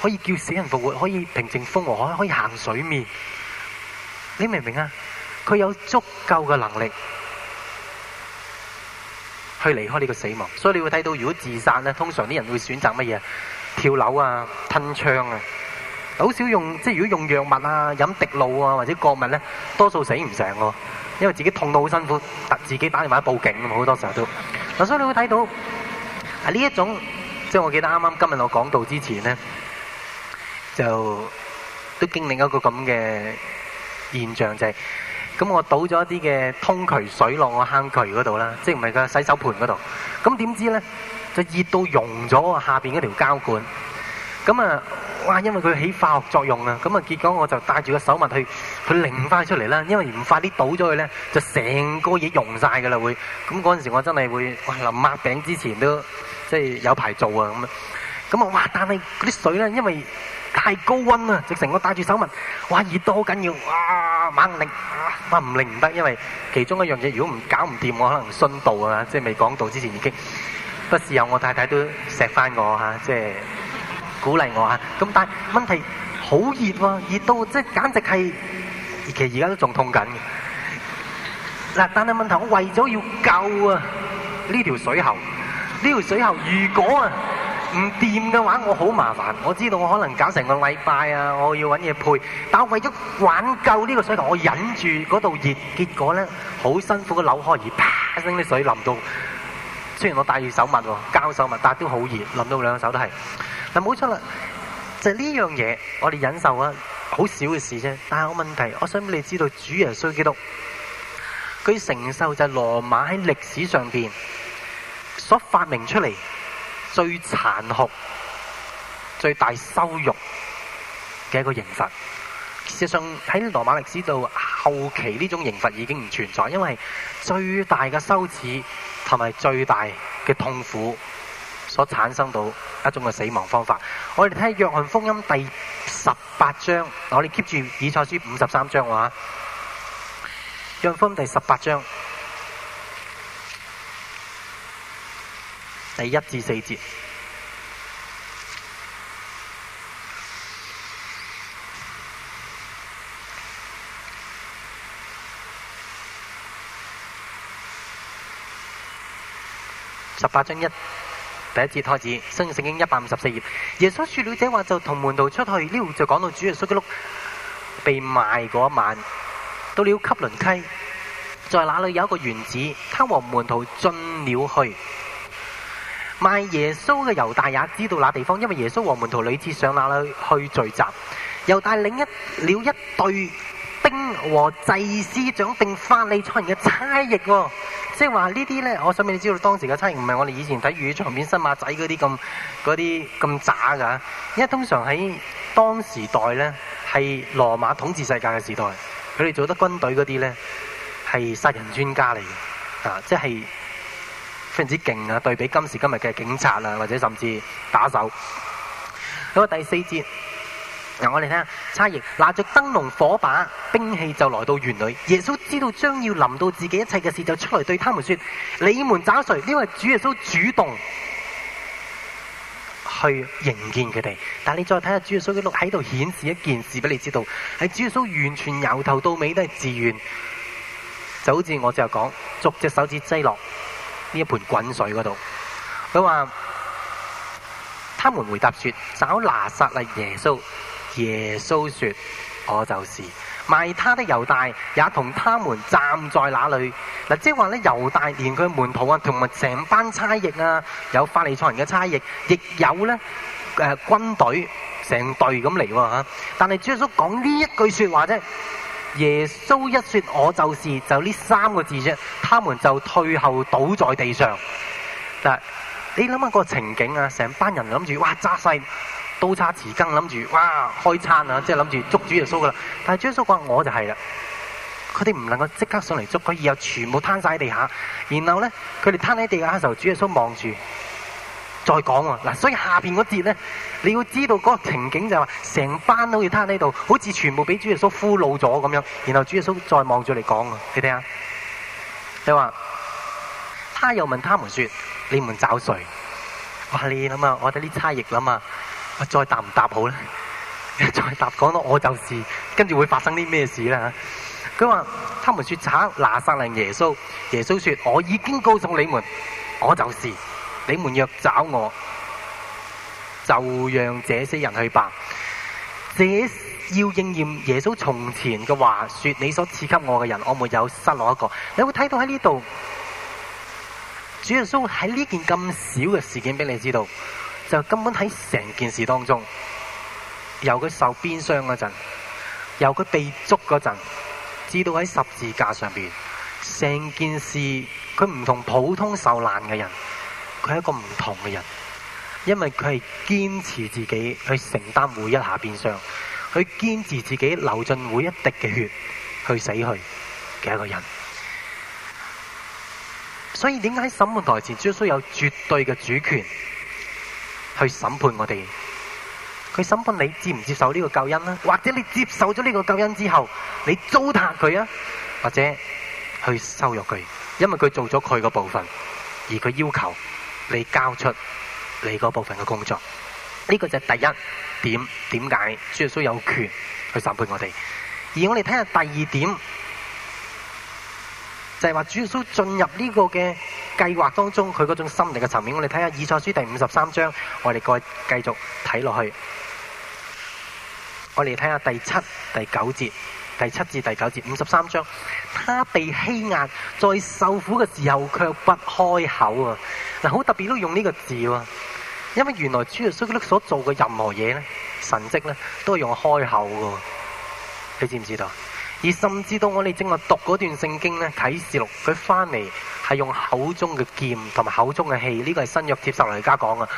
可以叫死人復活，可以平靜風和海，可以行水面。你明唔明啊？佢有足夠嘅能力。去離開呢個死亡，所以你會睇到，如果自殺咧，通常啲人會選擇乜嘢？跳樓啊、吞槍啊，好少用。即係如果用藥物啊，飲滴露啊，或者國物咧，多數死唔成喎，因為自己痛到好辛苦，突自己打電話報警，好多時候都。嗱，所以你會睇到啊，呢一種即係我記得啱啱今日我講到之前咧，就都經歷一個咁嘅現象就係、是。咁我倒咗一啲嘅通渠水落我坑渠嗰度啦，即係唔係個洗手盤嗰度。咁點知咧就熱到溶咗下邊嗰條膠管。咁啊，哇！因為佢起化學作用啊。咁啊，結果我就戴住個手襪去去擰翻出嚟啦。因為唔快啲倒咗佢咧，就成個嘢溶曬噶啦會。咁嗰陣時我真係會哇！臨抹餅之前都即係有排做啊咁啊。咁啊，哇！但係嗰啲水咧，因為太高溫啦！即成個戴住手襪，哇熱到好緊要，哇猛擰，哇唔擰唔得，因為其中一樣嘢如果唔搞唔掂，我可能損到啊！即未講到之前已經，不時有我太太都錫翻我嚇，即鼓勵我嚇。咁但問題好熱喎，熱到即簡直係，而其實而家都仲痛緊嘅。嗱，但係問題我為咗要救啊呢條水喉，呢條水喉如果啊～唔掂嘅話，我好麻煩。我知道我可能搞成個禮拜啊，我要搵嘢配。但係我為咗挽救呢個水塘，我忍住嗰度熱，結果咧好辛苦嘅扭開而啪一聲啲水淋到。雖然我戴住手襪喎，膠手襪，但係都好熱，淋到兩個手都係。嗱，冇錯啦，就係呢樣嘢，我哋忍受啊，好少嘅事啫。但係我問題，我想俾你知道，主耶穌基督，佢承受就係羅馬喺歷史上邊所發明出嚟。最殘酷、最大羞辱嘅一個刑罰，事實上，喺羅馬歷史度後期呢種刑罰已經唔存在，因為最大嘅羞恥同埋最大嘅痛苦所產生到一種嘅死亡方法。我哋睇《約翰福音》第十八章，我哋 keep 住以賽書五十三章話，《約翰福音》第十八章。第一至四節，十八章一第一節開始，新約聖經一百五十四頁，耶穌說了這話就同門徒出去，呢就講到主耶穌嘅錄被賣嗰晚，到了汲淪溪，在那裏有一個園子，他和門徒進了去。賣耶穌嘅猶大也知道那地方，因為耶穌和門徒屢次上那裏去聚集。猶大領一了一隊兵和祭司長並法利賽人嘅差役，哦，即係話呢啲呢。我想俾你知道，當時嘅差役唔係我哋以前睇粵語長片新馬仔嗰啲咁啲咁渣噶，因為通常喺當時代呢，係羅馬統治世界嘅時代，佢哋做得軍隊嗰啲呢，係殺人專家嚟嘅，啊，即係。非常之勁啊！對比今時今日嘅警察啦，或者甚至打手。好，第四節，嗱，我哋睇下差役拿着燈籠火把兵器就來到園裏。耶穌知道將要臨到自己一切嘅事，就出嚟，對他們說：你們找誰？呢位主耶穌主動去迎見佢哋。但係你再睇下主耶穌嘅錄喺度顯示一件事俾你知道，係主耶穌完全由頭到尾都係自願，就好似我就講逐隻手指擠落呢一盆滾水嗰度，佢話：他們回答說：找拿撒勒耶穌。耶穌說：我就是。賣他的猶大也同他們站在那裏。嗱，即係話咧，猶大連佢門徒啊，同埋成班差役啊，有法利賽人嘅差役，亦有咧，誒、呃、軍隊成隊咁嚟喎嚇。但係主耶穌講呢一句説話啫。耶穌一説我就是就呢三個字啫，他們就退後倒在地上。但係，你諗下個情景啊，成班人諗住哇揸晒刀叉匙羹，諗住哇開餐啊，即係諗住捉住耶穌噶啦。但係耶穌講我就係啦，佢哋唔能夠即刻上嚟捉，佢以後全部攤晒喺地下。然後咧，佢哋攤喺地下嘅時候，主耶穌望住。再講啊，嗱，所以下邊嗰節咧，你要知道嗰個情景就係話，成班都好似攤喺呢度，好似全部俾主耶穌俘虜咗咁樣，然後主耶穌再望住你講啊，你睇下，你話他又問他們說：你們找誰？哇，你諗啊，我哋啲差役諗啊，我再答唔答好咧？再答講到我就是，跟住會發生啲咩事啦？佢話他們說：找拿撒勒耶穌。耶穌說：我已經告訴你們，我就是。你們若找我，就讓這些人去辦。這要應驗耶穌從前嘅話說：你所賜給我嘅人，我沒有失落一個。你會睇到喺呢度，主耶穌喺呢件咁小嘅事件俾你知道，就根本喺成件事當中，由佢受鞭傷嗰陣，由佢被捉嗰陣，至到喺十字架上邊，成件事佢唔同普通受難嘅人。佢係一個唔同嘅人，因為佢係堅持自己去承擔每一下變相，去堅持自己流盡每一滴嘅血去死去嘅一個人。所以點解喺審判台前將需有絕對嘅主權去審判我哋？佢審判你，你接唔接受呢個救恩呢？或者你接受咗呢個救恩之後，你糟蹋佢啊，或者去羞辱佢？因為佢做咗佢嘅部分，而佢要求。你交出你嗰部分嘅工作，呢、這個就係第一點。點解主耶穌有權去審判我哋？而我哋睇下第二點，就係話主耶穌進入呢個嘅計劃當中，佢嗰種心理嘅層面。我哋睇下以賽書第五十三章，我哋再繼續睇落去。我哋睇下第七、第九節。第七至第九節五十三章，他被欺壓，在受苦嘅時候卻不開口啊！嗱，好特別都用呢個字喎，因為原來主耶穌基督所做嘅任何嘢咧，神蹟呢，都係用開口嘅。你知唔知道？而甚至到我哋正話讀嗰段聖經呢，啟示錄佢翻嚟係用口中嘅劍同埋口中嘅氣，呢個係新約結束而家講啊，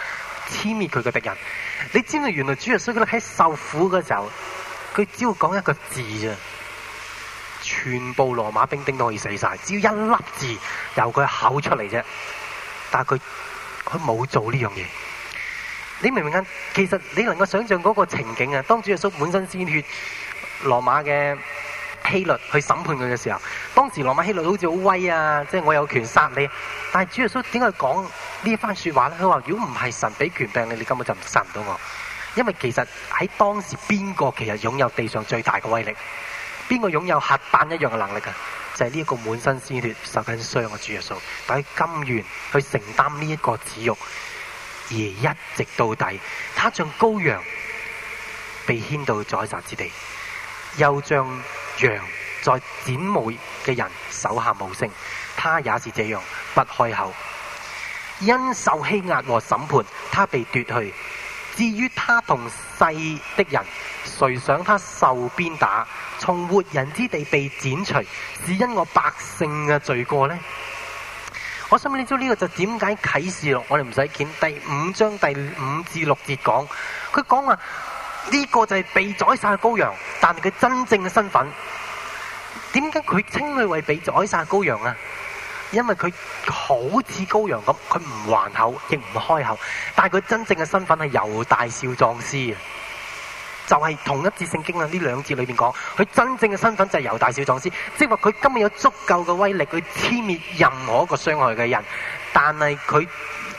殲滅佢嘅敵人。你知唔知原來主耶穌基督喺受苦嘅時候？佢只要講一個字，全部羅馬兵丁都可以死晒，只要一粒字由佢口出嚟啫。但係佢佢冇做呢樣嘢，你明唔明啊？其實你能夠想象嗰個情景啊，當主耶穌滿身鮮血，羅馬嘅希律去審判佢嘅時候，當時羅馬希律好似好威啊，即係我有權殺你。但係主耶穌點解講呢番說話咧？佢話如果唔係神俾權柄你，你根本就殺唔到我。因為其實喺當時邊個其實擁有地上最大嘅威力？邊個擁有核彈一樣嘅能力啊？就係呢一個滿身鮮血、受緊傷嘅主耶穌，但係甘願去承擔呢一個恥辱，而一直到底。他像羔羊被牽到宰殺之地，又像羊在剪毛嘅人手下無聲。他也是這樣不開口，因受欺壓和審判，他被奪去。至於他同世的人，誰想他受鞭打、從活人之地被剪除，是因我百姓嘅罪過呢？我想問你，咗、這、呢個就點解啟示錄我哋唔使見，第五章第五至六節講，佢講話呢個就係被宰殺嘅羔羊，但係佢真正嘅身份，點解佢稱佢為被宰殺嘅羔羊啊？因為佢好似羔羊咁，佢唔還口亦唔開口，但佢真正嘅身份係猶大少壯獅啊！就係，是，同一節聖經啊，呢兩節裏面講，佢真正嘅身份就係猶大少壯獅，即係話佢今日有足夠嘅威力去殲滅任何一個傷害佢嘅人，但係佢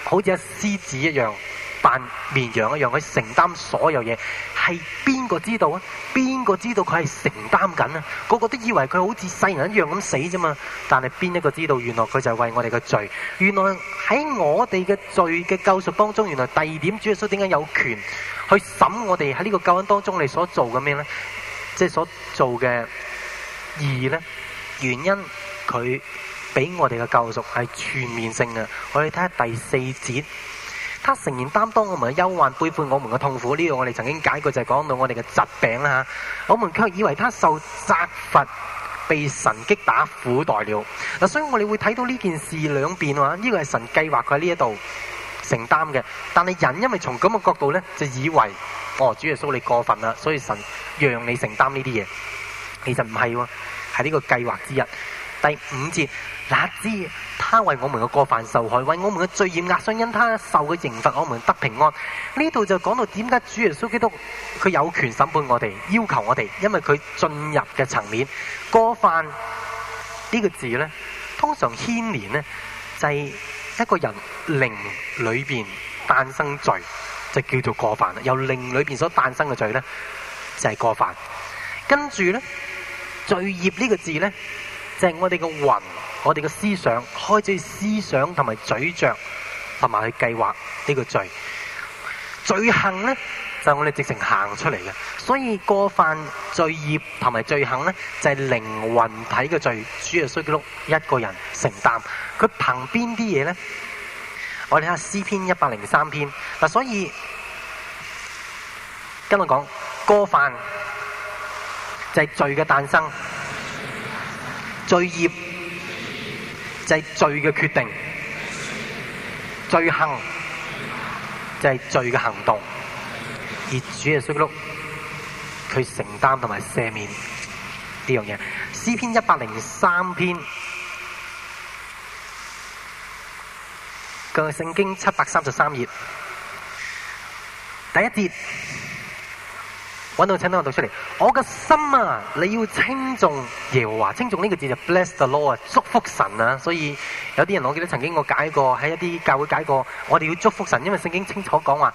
好似一獅子一樣。扮綿羊一樣去承擔所有嘢，係邊個知道啊？邊個知道佢係承擔緊啊？個個都以為佢好似世人一樣咁死啫嘛。但係邊一個知道？原來佢就係為我哋嘅罪。原來喺我哋嘅罪嘅救贖當中，原來第二點主耶穌點解有權去審我哋，喺呢個救恩當中你所做嘅咩呢？即係所做嘅意義呢？原因佢俾我哋嘅救贖係全面性嘅。我哋睇下第四節。他誠然擔當我們嘅憂患、背負我們嘅痛苦，呢個我哋曾經解過，就係、是、講到我哋嘅疾病啦吓。我們卻以為他受責罰、被神擊打、苦待了。嗱，所以我哋會睇到呢件事兩邊啊。呢、這個係神計劃佢喺呢一度承擔嘅，但係人因為從咁嘅角度呢，就以為哦，主耶穌你過分啦，所以神讓你承擔呢啲嘢。其實唔係喎，係呢個計劃之一。第五節。哪知他為我們嘅過犯受害，為我們嘅罪孽壓傷，因他受嘅刑罰，我們得平安。呢度就講到點解主耶穌基督佢有權審判我哋，要求我哋，因為佢進入嘅層面，過犯呢個字呢，通常牽連呢，就係一個人靈裏邊誕生罪，就叫做過犯，由靈裏邊所誕生嘅罪呢，就係過犯，跟住呢，罪孽呢個字呢，就係我哋嘅魂。我哋嘅思想開始思想同埋咀嚼，同埋去計劃呢個罪，罪行咧，就係我哋直程行出嚟嘅。所以過犯、罪孽同埋罪行咧，就係、是、靈魂體嘅罪，主耶穌基督一個人承擔。佢憑邊啲嘢咧，我哋睇下詩篇一百零三篇嗱。所以跟我講過犯就係罪嘅誕生，罪孽係、就是、罪嘅決定，罪行就係、是、罪嘅行動，而主耶穌基督，佢承擔同埋赦免呢樣嘢。詩篇一百零三篇嘅聖經七百三十三頁第一節。搵到請到我讀出嚟。我嘅心啊，你要稱重耶和華，稱重呢個字就 bless the Lord 啊，祝福神啊。所以有啲人，我記得曾經我解過喺一啲教會解過，我哋要祝福神，因為聖經清楚講話，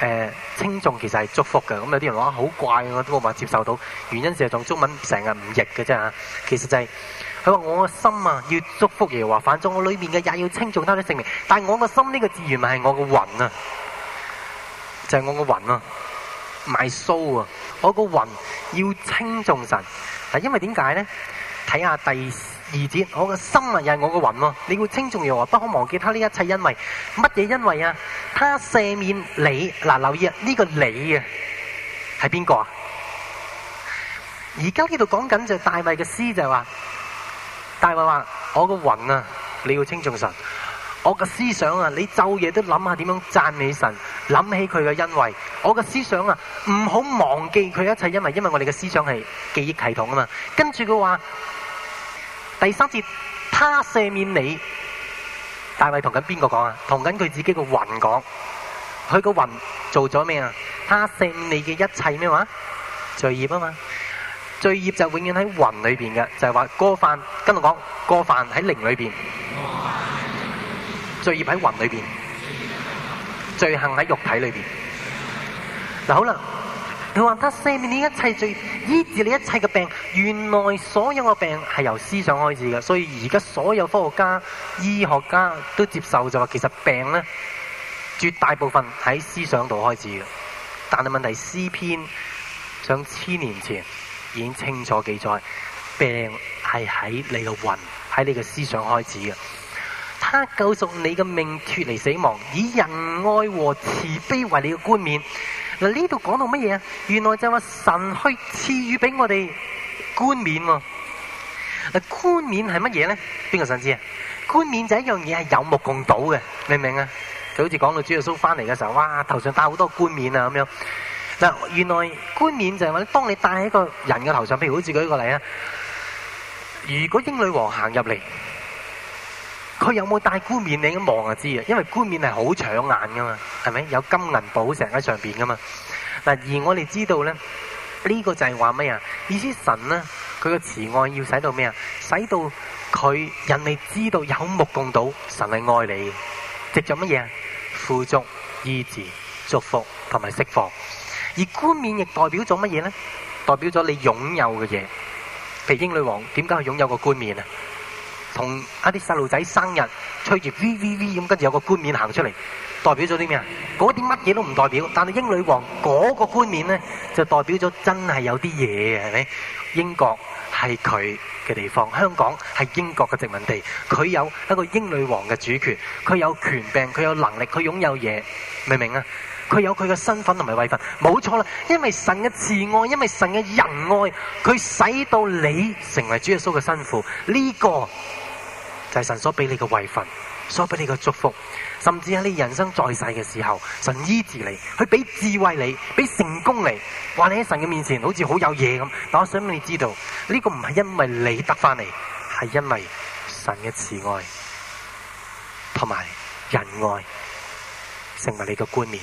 誒稱重其實係祝福㗎。咁有啲人話好怪，我都冇辦法接受到。原因就係仲中文成日誤譯嘅啫吓。其實就係佢話，我嘅心啊，要祝福耶和華，反正我裏面嘅也要稱重他的聖名。但係我嘅心呢個字原嚟係我嘅魂啊，就係、是、我嘅魂啊，my soul 啊。我個魂要稱重神，嗱，因為點解咧？睇下第二節，我個心是我的啊，又係我個魂喎。你要稱重我，不可忘記他呢一切，因為乜嘢？什麼因為啊，他赦免你，嗱、啊，留意啊，呢、這個你啊，係邊個啊？而家呢度講緊就係大衛嘅詩就係話，大衛話我個魂啊，你要稱重神。我嘅思想啊，你晝夜都諗下點樣讚美神，諗起佢嘅恩惠。我嘅思想啊，唔好忘記佢一切恩惠，因為因為我哋嘅思想係記憶系統啊嘛。跟住佢話第三節，他赦免你，大衛同緊邊個講啊？同緊佢自己個魂講。佢個魂做咗咩啊？他赦免你嘅一切咩話？罪孽啊嘛。罪孽就永遠喺魂裏邊嘅，就係話過犯。跟住講過犯喺靈裏邊。罪孽喺魂裏邊，罪行喺肉體裏邊。嗱，好啦，你話他赦免你一切罪，醫治你一切嘅病。原來所有嘅病係由思想開始嘅，所以而家所有科學家、醫學家都接受就話，其實病呢絕大部分喺思想度開始嘅。但係問題，詩篇上千年前已經清楚記載，病係喺你嘅魂，喺你嘅思想開始嘅。他救贖你嘅命脫離死亡，以仁愛和慈悲為你嘅冠冕。嗱，呢度講到乜嘢啊？原來就係話神去賜予俾我哋冠冕喎。嗱，冠冕係乜嘢咧？邊個想知啊？冠冕就係一樣嘢係有目共睹嘅，明唔明啊？就好似講到主耶穌翻嚟嘅時候，哇頭上戴好多冠冕啊咁樣。嗱，原來冠冕就係話當你戴喺個人嘅頭上，譬如好似舉個例啊，如果英女王行入嚟。佢有冇戴冠冕？你咁望就知啊，因為冠冕係好搶眼噶嘛，係咪有金銀寶石喺上邊噶嘛？嗱，而我哋知道咧，呢、這個就係話咩啊？意思神咧、啊，佢個慈愛要使到咩啊？使到佢人哋知道有目共睹，神係愛你嘅。值咗乜嘢啊？富足、醫治、祝福同埋釋放。而冠冕亦代表咗乜嘢咧？代表咗你擁有嘅嘢。譬如英女王，點解佢擁有個冠冕啊？同一啲細路仔生日，吹住 V V V 咁，跟住有個冠冕行出嚟，代表咗啲咩啊？嗰啲乜嘢都唔代表，但係英女王嗰個冠冕咧，就代表咗真係有啲嘢嘅，係咪？英國係佢嘅地方，香港係英國嘅殖民地，佢有一個英女王嘅主權，佢有權柄，佢有能力，佢擁有嘢，明唔明啊？佢有佢嘅身份同埋位份，冇錯啦。因為神嘅慈愛，因為神嘅仁愛，佢使到你成為主耶穌嘅新婦，呢個。就係、是、神所俾你嘅位份，所俾你嘅祝福，甚至喺你人生在世嘅時候，神醫治你，去俾智慧你，俾成功你，話你喺神嘅面前好似好有嘢咁。但我想讓你知道，呢、這個唔係因為你得翻嚟，係因為神嘅慈愛同埋仁愛成為你嘅觀念，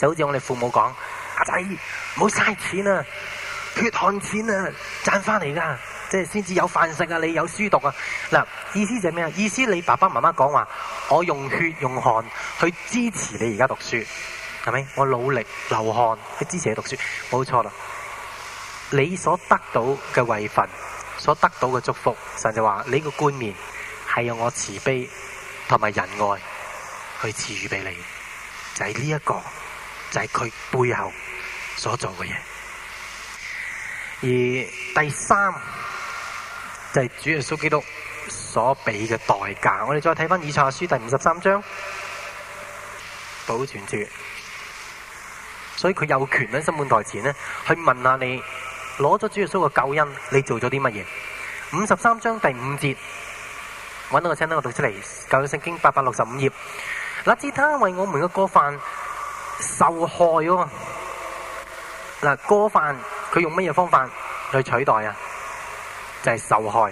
就好似我哋父母講：阿仔，唔好嘥錢啊，血汗錢啊，賺翻嚟噶。即係先至有飯食啊，你有書讀啊！嗱，意思就係咩啊？意思你爸爸媽媽講話，我用血用汗去支持你而家讀書，係咪？我努力流汗去支持你讀書，冇錯啦。你所得到嘅位份，所得到嘅祝福，甚至話你個冠冕係用我慈悲同埋仁愛去賜予俾你，就係呢一個，就係、是、佢背後所做嘅嘢。而第三。就係、是、主耶穌基督所俾嘅代價，我哋再睇翻以賽亞書第五十三章，保存住，所以佢有權喺審判台前咧，去問下你攞咗主耶穌嘅救恩，你做咗啲乜嘢？五十三章第五節，揾到個聲等我讀出嚟，舊約聖經八百六十五頁。嗱，他為我們嘅過犯受害喎，嗱，過犯佢用乜嘢方法去取代啊？就係、是、受害，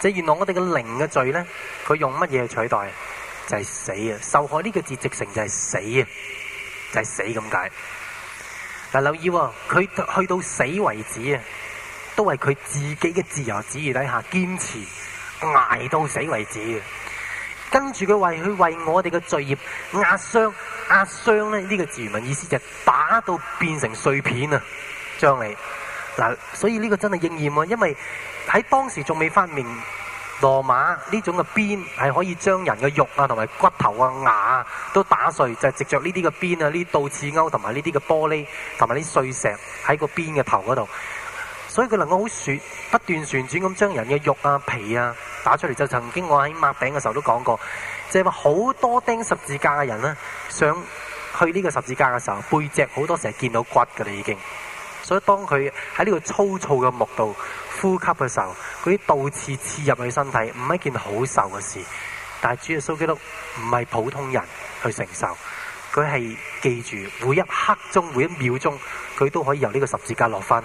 即、就、係、是、原來我哋嘅靈嘅罪咧，佢用乜嘢取代？就係、是、死啊！受害呢個字直成就係死啊，就係、是、死咁解。嗱，留意佢、哦、去到死為止啊，都係佢自己嘅自由旨意底下堅持挨到死為止啊。跟住佢為佢為我哋嘅罪孽壓傷壓傷咧，呢、這個字文意思就係打到變成碎片啊！將來嗱，所以呢個真係應驗啊，因為。喺當時仲未發明羅馬呢種嘅鞭，係可以將人嘅肉啊同埋骨頭啊牙啊都打碎，就係、是、藉着呢啲嘅鞭啊、呢啲倒刺鈎同埋呢啲嘅玻璃同埋啲碎石喺個鞭嘅頭嗰度，所以佢能夠好旋不斷旋轉咁將人嘅肉啊皮啊打出嚟。就曾經我喺擘餅嘅時候都講過，就係話好多釘十字架嘅人咧，想去呢個十字架嘅時候，背脊好多時候見到骨㗎啦已經。所以當佢喺呢個粗糙嘅木度。呼吸嘅時候，嗰啲倒刺刺入佢身體，唔係一件好受嘅事。但係主耶穌基督唔係普通人去承受，佢係記住每一刻鐘、每一秒鐘，佢都可以由呢個十字架落翻嚟。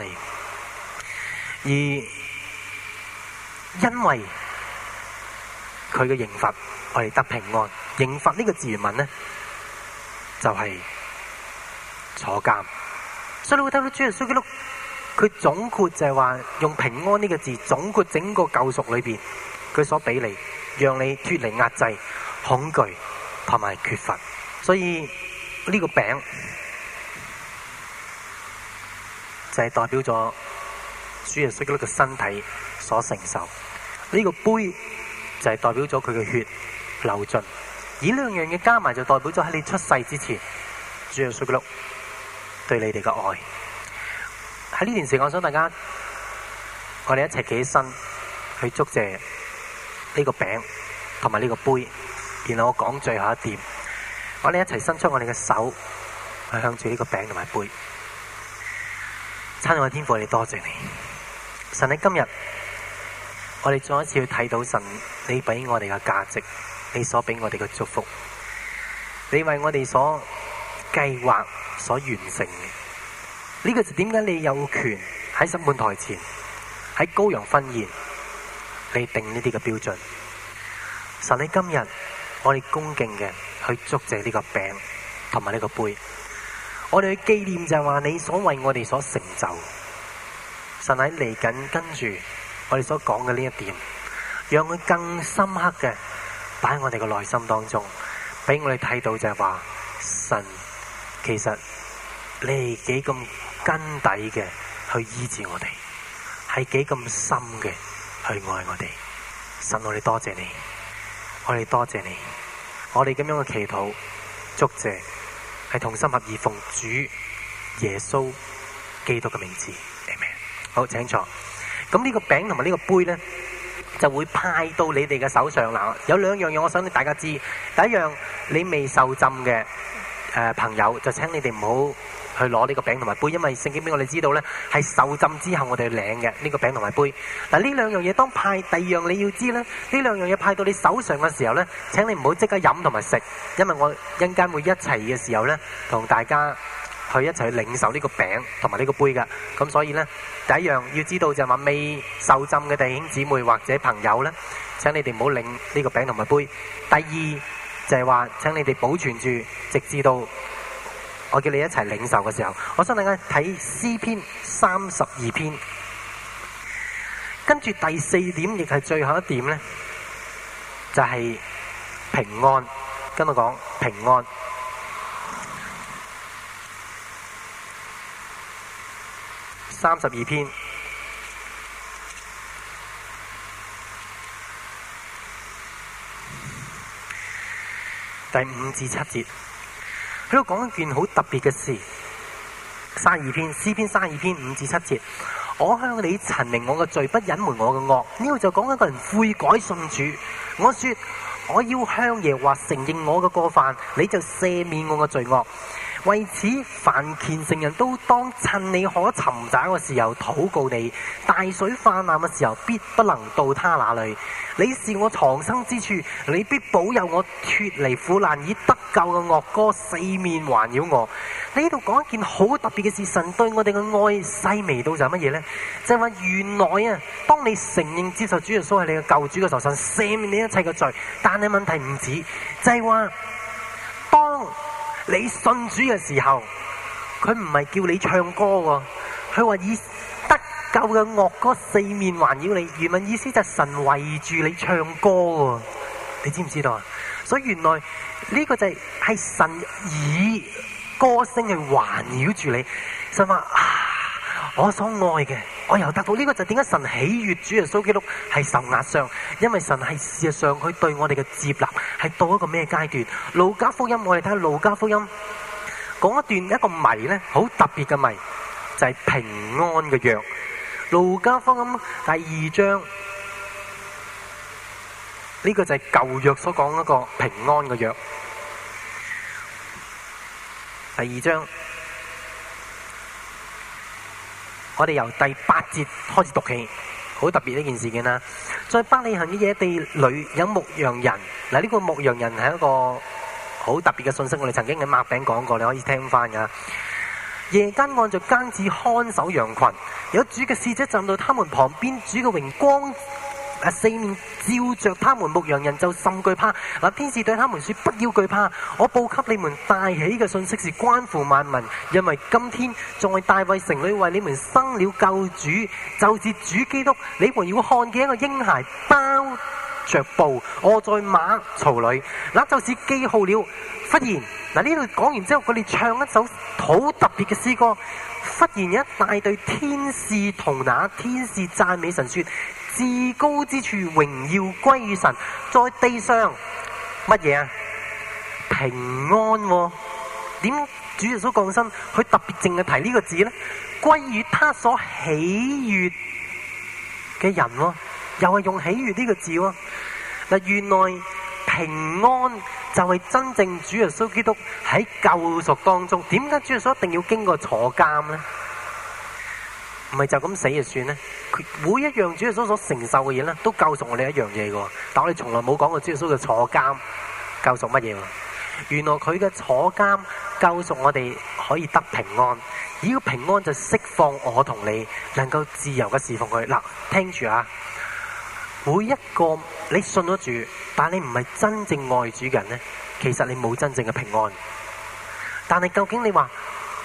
而因為佢嘅刑罰，我哋得平安。刑罰呢個字原文呢，就係、是、坐監。所以你會睇到主耶穌基督。佢總括就係話，用平安呢個字總括整個救贖裏邊佢所俾你，讓你脱離壓制、恐懼同埋缺乏。所以呢、這個餅就係、是、代表咗主耶穌基督嘅身體所承受。呢、這個杯就係、是、代表咗佢嘅血流盡。而兩樣嘢加埋就代表咗喺你出世之前，主耶穌基督對你哋嘅愛。喺呢段時間，我想大家，我哋一齊企起身去祝謝呢個餅同埋呢個杯。然後我講最後一點，我哋一齊伸出我哋嘅手去向住呢個餅同埋杯。親愛嘅天父，你多謝你。神，你今日我哋再一次去睇到神你俾我哋嘅價值，你所俾我哋嘅祝福，你為我哋所計劃所完成嘅。呢個就點解你有權喺審判台前，喺羔羊婚宴，你定呢啲嘅標準？神喺今日，我哋恭敬嘅去祝謝呢個餅同埋呢個杯，我哋嘅紀念就係話你所為我哋所成就。神喺嚟緊跟住我哋所講嘅呢一點，讓佢更深刻嘅擺喺我哋嘅內心當中，俾我哋睇到就係話神其實你幾咁。根底嘅去醫治我哋，係幾咁深嘅去愛我哋，神我哋多謝你，我哋多謝你，我哋咁樣嘅祈禱、祝謝係同心合意奉主耶穌基督嘅名字，Amen。好，請坐。咁呢個餅同埋呢個杯咧，就會派到你哋嘅手上嗱。有兩樣嘢，我想大家知。第一樣，你未受浸嘅誒朋友，就請你哋唔好。去攞呢個餅同埋杯，因為聖經俾我哋知道咧，係受浸之後我哋領嘅呢個餅同埋杯。嗱，呢兩樣嘢當派，第二樣你要知咧，呢兩樣嘢派到你手上嘅時候咧，請你唔好即刻飲同埋食，因為我陣間會一齊嘅時候咧，同大家去一齊去領受呢個餅同埋呢個杯㗎。咁所以咧，第一樣要知道就係話未受浸嘅弟兄姊妹或者朋友咧，請你哋唔好領呢個餅同埋杯。第二就係話請你哋保存住，直至到。我叫你一齊領受嘅時候，我想大家睇詩篇三十二篇，跟住第四點亦係最後一點咧，就係平安。跟我講平安，三十二篇，第五至七節。佢講一件好特別嘅事，《三二篇》詩篇三二篇五至七節，我向你陳明我嘅罪，不隱瞞我嘅惡。呢度就講一個人悔改信主，我說我要向耶華承認我嘅過犯，你就赦免我嘅罪惡。為此，凡虔誠人都當趁你可尋找嘅時候禱告你；大水泛濫嘅時候，必不能到他那裏。你是我藏身之處，你必保佑我脫離苦難，以得救嘅樂歌四面環繞我。你呢度講一件好特別嘅事，神對我哋嘅愛細微到就係乜嘢呢？就係話，原來啊，當你承認接受主耶穌係你嘅救主嘅時候，神赦免你一切嘅罪。但係問題唔止，就係話當。你信主嘅時候，佢唔係叫你唱歌喎，佢話以得救嘅樂歌四面環繞你，原文意思就係神圍住你唱歌喎，你知唔知道啊？所以原來呢個就係神以歌聲去環繞住你，神話，啊，我所愛嘅。我又得到呢個就點解神喜悦主耶穌基督係受壓傷？因為神係事實上佢對我哋嘅接納係到一個咩階段？路加福音我哋睇下路加福音講一段一個謎咧，好特別嘅謎就係、是、平安嘅約。路加福音第二章呢、這個就係舊約所講一個平安嘅約。第二章。我哋由第八節開始讀起，好特別呢件事件啦。在伯利恆嘅野地裏有牧羊人，嗱、這、呢個牧羊人係一個好特別嘅信息，我哋曾經喺麥餅講過，你可以聽翻噶。夜間按着更次看守羊群，有主嘅使者站到他們旁邊，主嘅榮光四面照着他們，牧羊人就甚懼怕。嗱，天使對他們說：不要懼怕，我報給你們大喜嘅信息是關乎萬民，因為今天在大衛城裏為你們生了救主，就是主基督。你們要看見一個嬰孩步，包着布臥在馬槽裏。那就是記號了。忽然，嗱呢度講完之後，佢哋唱一首好特別嘅詩歌。忽然，一大隊天使同那天使讚美神說。至高之處榮耀歸於神，在地上乜嘢啊平安、哦。點主耶穌降生，佢特別淨係提呢個字咧，歸於他所喜悅嘅人，哦，又係用喜悅呢個字喎。嗱，原來平安就係真正主耶穌基督喺救贖當中，點解主耶穌一定要經過坐監咧？唔係就咁死就算咧，每一樣主耶穌所承受嘅嘢咧，都救贖我哋一樣嘢噶。但我哋從來冇講過主耶穌嘅坐監救贖乜嘢。原來佢嘅坐監救贖我哋可以得平安。要平安就釋放我同你，能夠自由嘅侍奉佢。嗱，聽住啊！每一個你信得住，但係你唔係真正愛主嘅人咧，其實你冇真正嘅平安。但係究竟你話？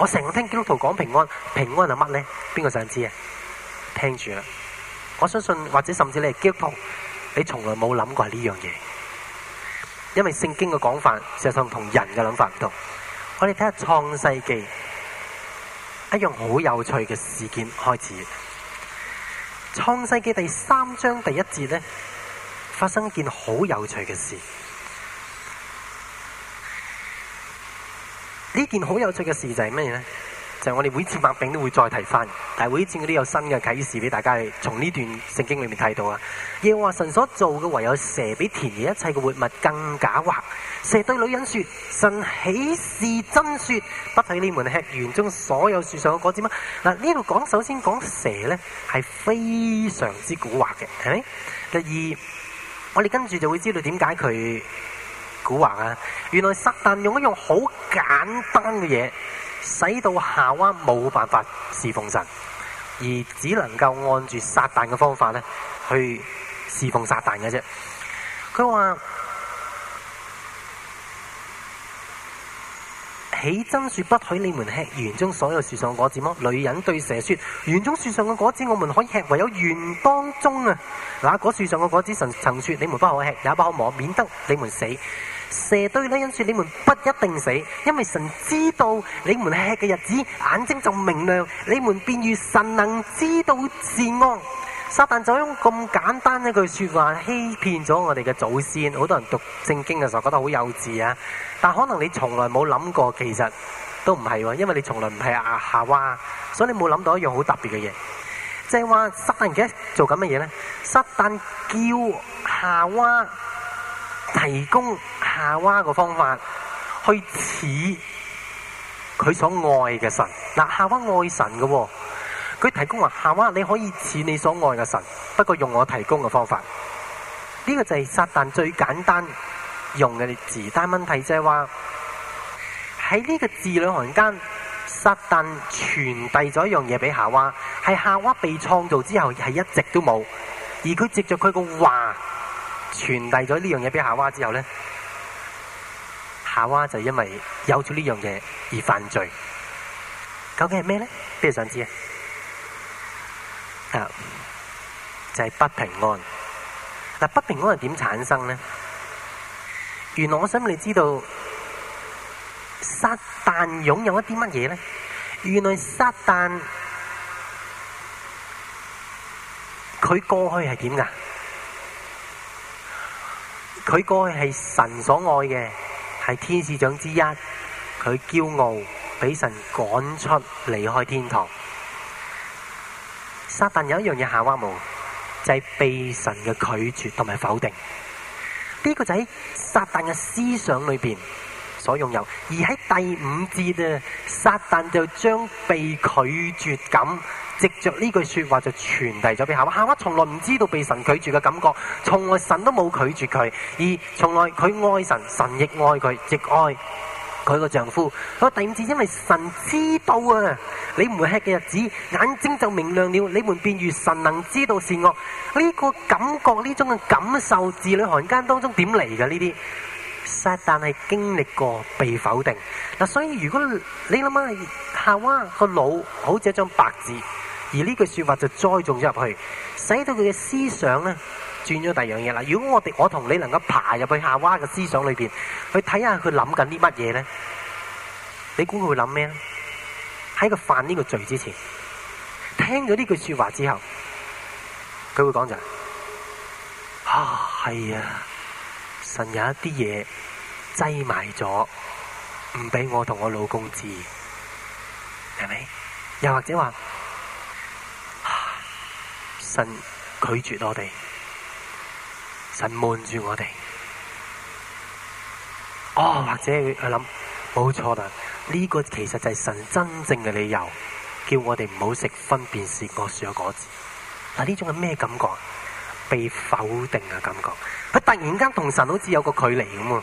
我成日聽基督徒講平安，平安係乜咧？邊個想知啊？聽住啦！我相信，或者甚至你係基督徒，你從來冇諗過係呢樣嘢，因為聖經嘅講法，事實上同人嘅諗法唔同。我哋睇下創世記，一樣好有趣嘅事件開始。創世記第三章第一節咧，發生一件好有趣嘅事。呢件好有趣嘅事就係咩咧？就是、我哋會次擘餅都會再提翻，但係會次嗰啲有新嘅啟示俾大家，從呢段聖經裏面睇到啊。耶和華神所做嘅，唯有蛇比田野一切嘅活物更狡猾。蛇對女人說：神豈是真說，不許你們吃園中所有樹上嘅果子嗎？嗱，呢度講首先講蛇咧係非常之蠱惑嘅，係咪？第二，我哋跟住就會知道點解佢。古話啊，原來撒旦用一樣好簡單嘅嘢，使到夏娃冇辦法侍奉神，而只能夠按住撒旦嘅方法咧去侍奉撒旦嘅啫。佢話： *noise* 起真說，不許你們吃園中所有樹上果子麼？女人對蛇說：園中樹上嘅果子我們可以吃，唯有園當中啊嗱果、啊、樹上嘅果子，神曾說，你們不可吃，也不可摸，免得你們死。蛇堆呢？因說你們不一定死，因為神知道你們吃嘅日子，眼睛就明亮，你們便如神能知道治安善惡。撒旦就用咁簡單的一句說話欺騙咗我哋嘅祖先。好多人讀正經嘅時候覺得好幼稚啊，但可能你從來冇諗過，其實都唔係，因為你從來唔係阿夏娃，所以你冇諗到一樣好特別嘅嘢，即係話撒旦而家做緊乜嘢呢？撒旦叫夏娃。提供夏娃個方法去似佢所愛嘅神。嗱，夏娃愛神嘅，哦，佢提供話：夏娃你可以似你所愛嘅神，不過用我提供嘅方法。呢、這個就係撒旦最簡單用嘅字，但問題就係話喺呢個字裏行間，撒旦傳遞咗一樣嘢俾夏娃，係夏娃被創造之後係一直都冇，而佢藉着佢個話。傳遞咗呢樣嘢俾夏娃之後呢，夏娃就因為有咗呢樣嘢而犯罪。究竟係咩呢？非常想知啊？啊、uh，就係不平安。嗱，不平安係點產生呢？原來我心裏知道，撒旦擁有一啲乜嘢咧？原來撒旦佢過去係點噶？佢過去係神所愛嘅，係天使長之一，佢驕傲俾神趕出離開天堂。撒旦有一樣嘢下彎冇，就係、是、被神嘅拒絕同埋否定。呢、這個就喺撒旦嘅思想裏邊所擁有，而喺第五節咧，撒旦就將被拒絕感。藉著呢句說話就傳遞咗俾夏娃，夏娃從來唔知道被神拒絕嘅感覺，從來神都冇拒絕佢，而從來佢愛神，神亦愛佢，直愛佢個丈夫。佢第五次，因為神知道啊，你唔會吃嘅日子，眼睛就明亮了，你們便如神能知道善惡呢個感覺，呢種嘅感受，字裏行間當中點嚟嘅呢啲？但係經歷過被否定，嗱，所以如果你諗下夏娃個腦好似一張白紙。而呢句說話就栽種咗入去，使到佢嘅思想咧轉咗第二樣嘢啦。如果我哋我同你能夠爬入去夏娃嘅思想裏邊，去睇下佢諗緊啲乜嘢咧？你估佢會諗咩？喺佢犯呢個罪之前，聽咗呢句說話之後，佢會講就係：啊，係啊！神有一啲嘢擠埋咗，唔俾我同我老公知，係咪？又或者話，神拒絕我哋，神瞞住我哋。哦，或者佢諗，冇錯啦，呢個其實就係神真正嘅理由，叫我哋唔好食分辨善惡樹嘅果子。嗱，呢種係咩感覺？被否定嘅感覺。佢突然間同神好似有個距離咁啊，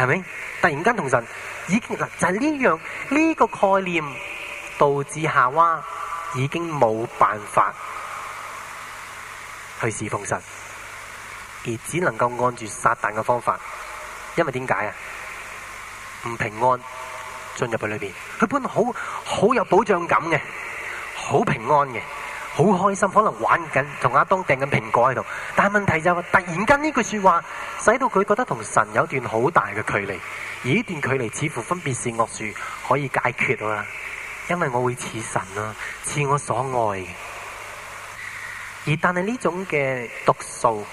係咪？突然間同神已經，嗱，就係呢樣，呢個概念導致夏娃已經冇辦法。去侍奉神，而只能夠按住撒旦嘅方法，因為點解啊？唔平安進入去裏邊，佢本好好有保障感嘅，好平安嘅，好開心，可能玩緊同阿當掟緊蘋果喺度。但係問題就係，突然間呢句說話，使到佢覺得同神有段好大嘅距離，而呢段距離似乎分別善惡樹可以解決啊，因為我會似神啊，似我所愛嘅。而但係呢種嘅毒素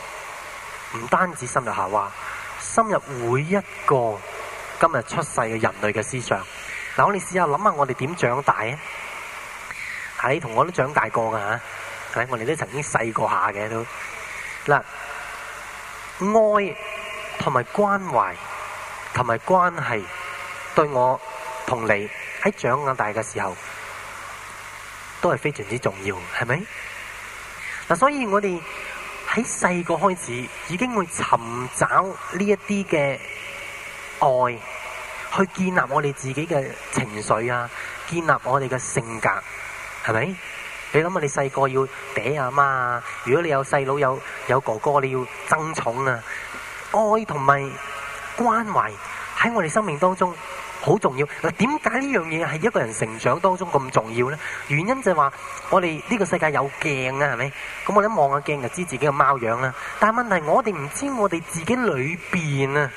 唔單止深入下話，深入每一個今日出世嘅人類嘅思想。嗱，我哋試下諗下我哋點長大啊？係你同我都長大過噶吓，係我哋都曾經細過下嘅，都。嗱，愛同埋關懷同埋關係，對我同你喺長大嘅時候，都係非常之重要，係咪？嗱，所以我哋喺細個開始已經會尋找呢一啲嘅愛，去建立我哋自己嘅情緒啊，建立我哋嘅性格，係咪？你諗下，你細個要嗲阿媽，如果你有細佬有有哥哥，你要爭寵啊，愛同埋關懷喺我哋生命當中。好重要嗱，點解呢樣嘢係一個人成長當中咁重要咧？原因就係話我哋呢個世界有鏡啊，係咪？咁我哋望下鏡就知自己嘅貓樣啦。但係問題是我哋唔知道我哋自己裏邊啊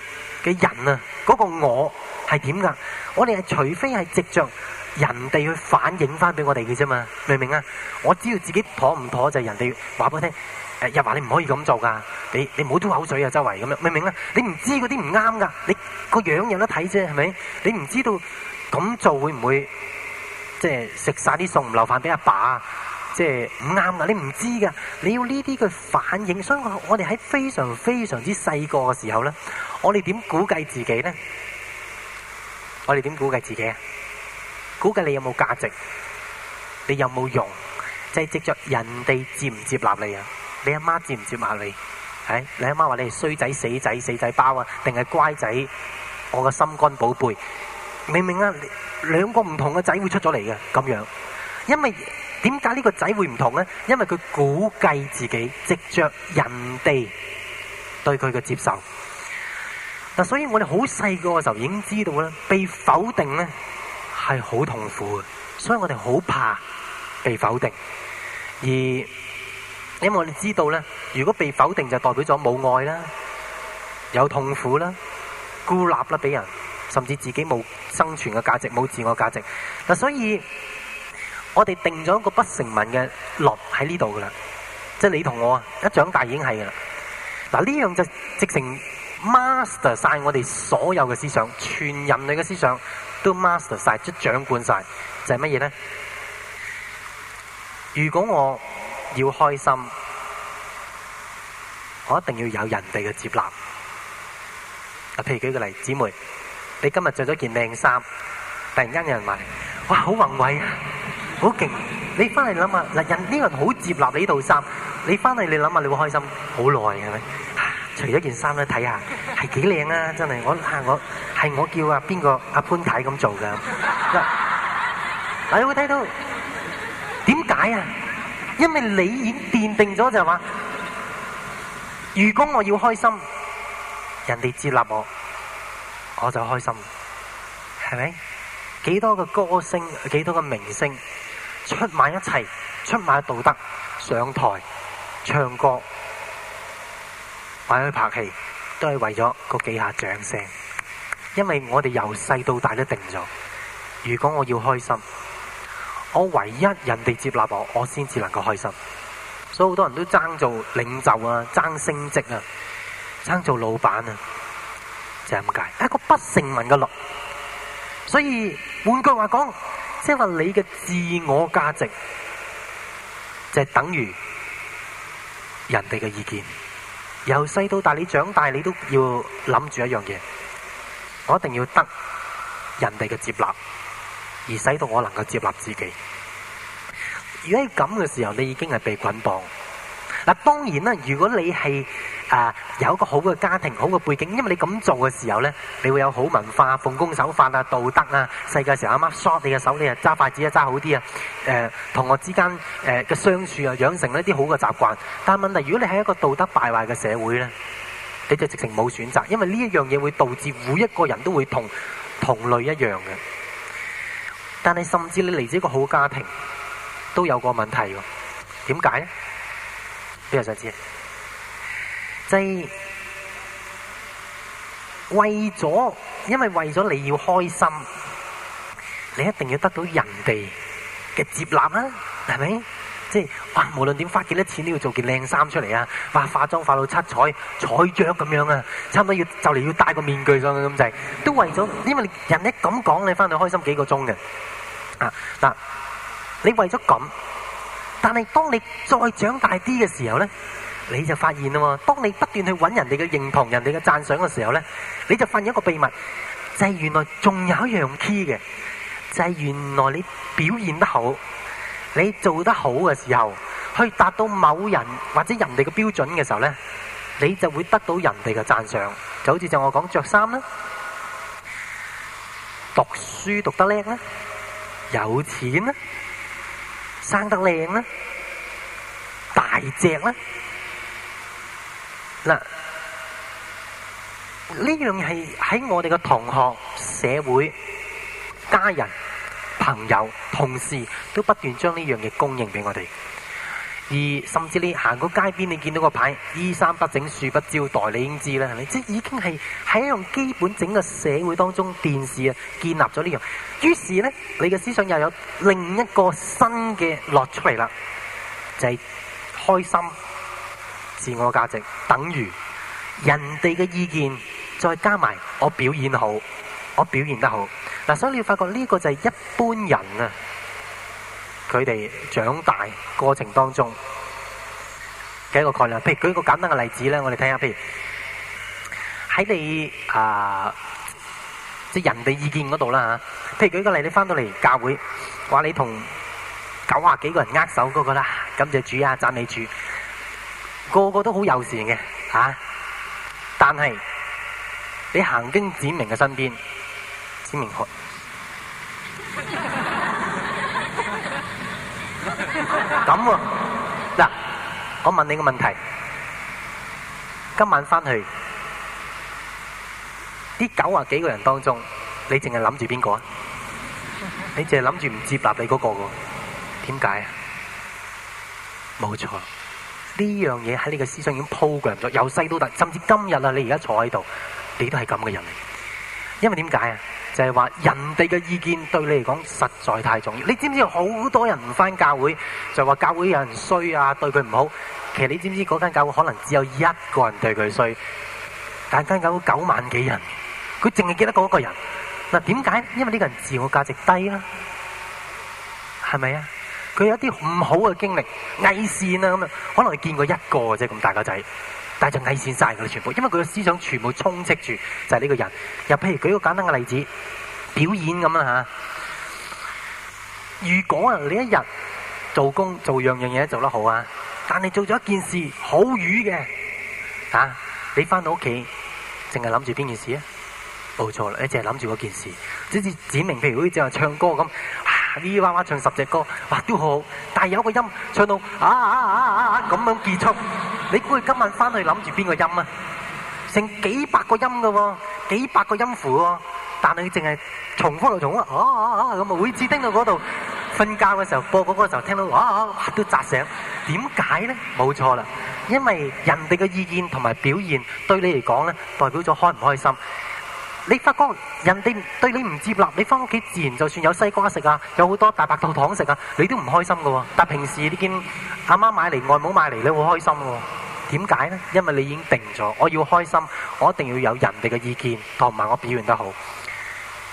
嘅人啊，嗰、嗰個我係點噶？我哋係除非係藉著人哋去反映翻俾我哋嘅啫嘛，明唔明啊？我知道自己妥唔妥就係人哋話俾我聽。誒日華你唔可以咁做噶，你你唔好吐口水啊！周圍咁樣明唔明啊？你唔知嗰啲唔啱噶，你個樣有得睇啫，係咪？你唔知道咁做會唔會即係食曬啲餸唔留飯俾阿爸、爸？即係唔啱噶，你唔知噶。你要呢啲嘅反應，所以我哋喺非常非常之細個嘅時候咧，我哋點估計自己咧？我哋點估計自己啊？估計你有冇價值？你有冇用？即係藉着人哋接唔接納你啊？你阿媽接唔接下你？係你阿媽話你係衰仔、死仔、死仔包啊，定係乖仔？我個心肝寶貝，明唔明啊？兩個唔同嘅仔會出咗嚟嘅，咁樣。因為點解呢個仔會唔同咧？因為佢估計自己，藉着人哋對佢嘅接受。所以我哋好細個嘅時候已經知道咧，被否定咧係好痛苦嘅，所以我哋好怕被否定，而。因為我哋知道咧，如果被否定就代表咗冇愛啦，有痛苦啦，孤立啦俾人，甚至自己冇生存嘅價值，冇自我價值。嗱，所以我哋定咗一個不成文嘅律喺呢度噶啦，即係你同我啊，一長大已經係噶啦。嗱，呢樣就直成 master 晒我哋所有嘅思想，全人類嘅思想都 master 晒，即掌管晒，就係乜嘢咧？如果我要開心，我一定要有人哋嘅接納。啊，譬如舉個例，姊妹，你今日着咗件靚衫，突然間有人話：哇，好宏偉啊，好勁！你翻嚟諗下，嗱，人呢個人好接納你呢套衫，你翻嚟你諗下，你會開心好耐嘅，係咪？除咗件衫咧，睇下係幾靚啊！真係，我吓我係我叫阿邊個阿潘太咁做噶。嗱，你會睇到點解啊？因為你已經奠定咗就話，如果我要開心，人哋接納我，我就開心，係咪？幾多個歌星，幾多個明星，出賣一切，出賣道德，上台唱歌，擺去拍戲，都係為咗嗰幾下掌聲。因為我哋由細到大都定咗，如果我要開心。我唯一人哋接納我，我先至能夠開心。所以好多人都爭做領袖啊，爭升職啊，爭做老闆啊，就咁、是、解。一個不成文嘅律。所以換句話講，即係話你嘅自我價值就係、是、等於人哋嘅意見。由細到大，你長大你都要諗住一樣嘢，我一定要得人哋嘅接納。而使到我能夠接納自己。如果喺咁嘅時候，你已經係被捆綁。嗱，當然啦，如果你係、呃、有一個好嘅家庭、好嘅背景，因為你咁做嘅時候呢，你會有好文化、奉公守法啊、道德啊。細個時候阿媽嗦你嘅手，手你啊揸筷子啊揸好啲啊。誒、呃，同學之間誒嘅相處啊、呃，養成一啲好嘅習慣。但係問題是，如果你係一個道德敗壞嘅社會呢，你就直情冇選擇，因為呢一樣嘢會導致每一個人都會同同類一樣嘅。但係甚至你嚟自一個好家庭，都有個問題嘅，點解咧？俾個例子，即係為咗，因為為咗你要開心，你一定要得到人哋嘅接納啊，係咪？即係，哇！無論點花幾多錢都要做件靚衫出嚟啊！哇！化妝化到七彩彩雀咁樣啊，差唔多要就嚟要戴個面具上去咁滯，都為咗因為你人一咁講，你翻去開心幾個鐘嘅啊嗱、啊，你為咗咁，但係當你再長大啲嘅時候咧，你就發現啦，當你不斷去搵人哋嘅認同、人哋嘅讚賞嘅時候咧，你就發現一個秘密，就係、是、原來仲有一樣 key 嘅，就係、是、原來你表現得好。你做得好嘅時候，去達到某人或者人哋嘅標準嘅時候咧，你就會得到人哋嘅讚賞。就好似就我講着衫啦，讀書讀得叻啦，有錢啦，生得靚啦，大隻啦。嗱，呢樣係喺我哋嘅同學、社會、家人。朋友、同事都不斷將呢樣嘢供應俾我哋，而甚至你行過街邊，你見到個牌，衣衫 *music* 不整、恕不招待，你已經知啦，係咪？即已經係喺一樣基本整個社會當中電視啊，建立咗呢樣。於是咧，你嘅思想又有另一個新嘅落出嚟啦，就係、是、開心、自我價值等於人哋嘅意見，再加埋我表現好，我表現得好。嗱，所以你發覺呢個就係一般人啊，佢哋長大過程當中嘅一個概念。譬如舉一個簡單嘅例子啦，我哋睇下，譬如喺你啊，即係人哋意見嗰度啦吓。譬如舉個例，你翻到嚟教會，話你同九啊幾個人握手嗰個啦，感謝主啊，讚美主，個個都好友善嘅吓。但係你行經展明嘅身邊，展明學。咁喎，啊，嗱，我問你個問題，今晚翻去啲九啊幾個人當中，你淨係諗住邊個啊？ *laughs* 你淨係諗住唔接納你嗰、嗰個嘅？點解啊？冇錯，呢樣嘢喺你嘅思想已經 program 咗，由細到大，甚至今日啊，你而家坐喺度，你都係咁嘅人嚟。因為點解啊？就係話人哋嘅意見對你嚟講實在太重要。你知唔知好多人唔翻教會就話教會有人衰啊，對佢唔好。其實你知唔知嗰間教會可能只有一個人對佢衰，但間教會有九萬幾人，佢淨係記得嗰一個人。嗱，點解？因為呢個人自我價值低啦，係咪啊？佢有一啲唔好嘅經歷、偽善啊咁樣，可能你見過一個啫，咁大個仔。但就矮線晒噶啦，全部，因為佢嘅思想全部充斥住就係呢個人。又譬如舉個簡單嘅例子，表演咁啦吓。如果啊，你一日做工做樣樣嘢做得好啊，但係做咗一件事好瘀嘅，啊，你返到屋企，淨係諗住邊件事啊？冇錯啦，你淨係諗住嗰件事。即係指明，譬如好似就係唱歌咁。啲娃娃唱十隻歌，哇都好，但係有一個音唱到啊啊啊啊咁樣結束，你估佢今晚翻去諗住邊個音啊？成幾百個音㗎喎，幾百個音符喎，但係佢淨係重複嚟重複，啊啊啊咁啊會至盯到嗰度，瞓覺嘅時候，播歌嘅時候聽到，啊啊哇都扎醒，點解咧？冇錯啦，因為人哋嘅意見同埋表現對你嚟講咧，代表咗開唔開心。你發覺人哋對你唔接納，你翻屋企，自然就算有西瓜食啊，有好多大白兔糖食啊，你都唔開心噶喎。但平時你見阿媽買嚟，外母買嚟，你好開心喎。點解呢？因為你已經定咗，我要開心，我一定要有人哋嘅意見同埋我表現得好。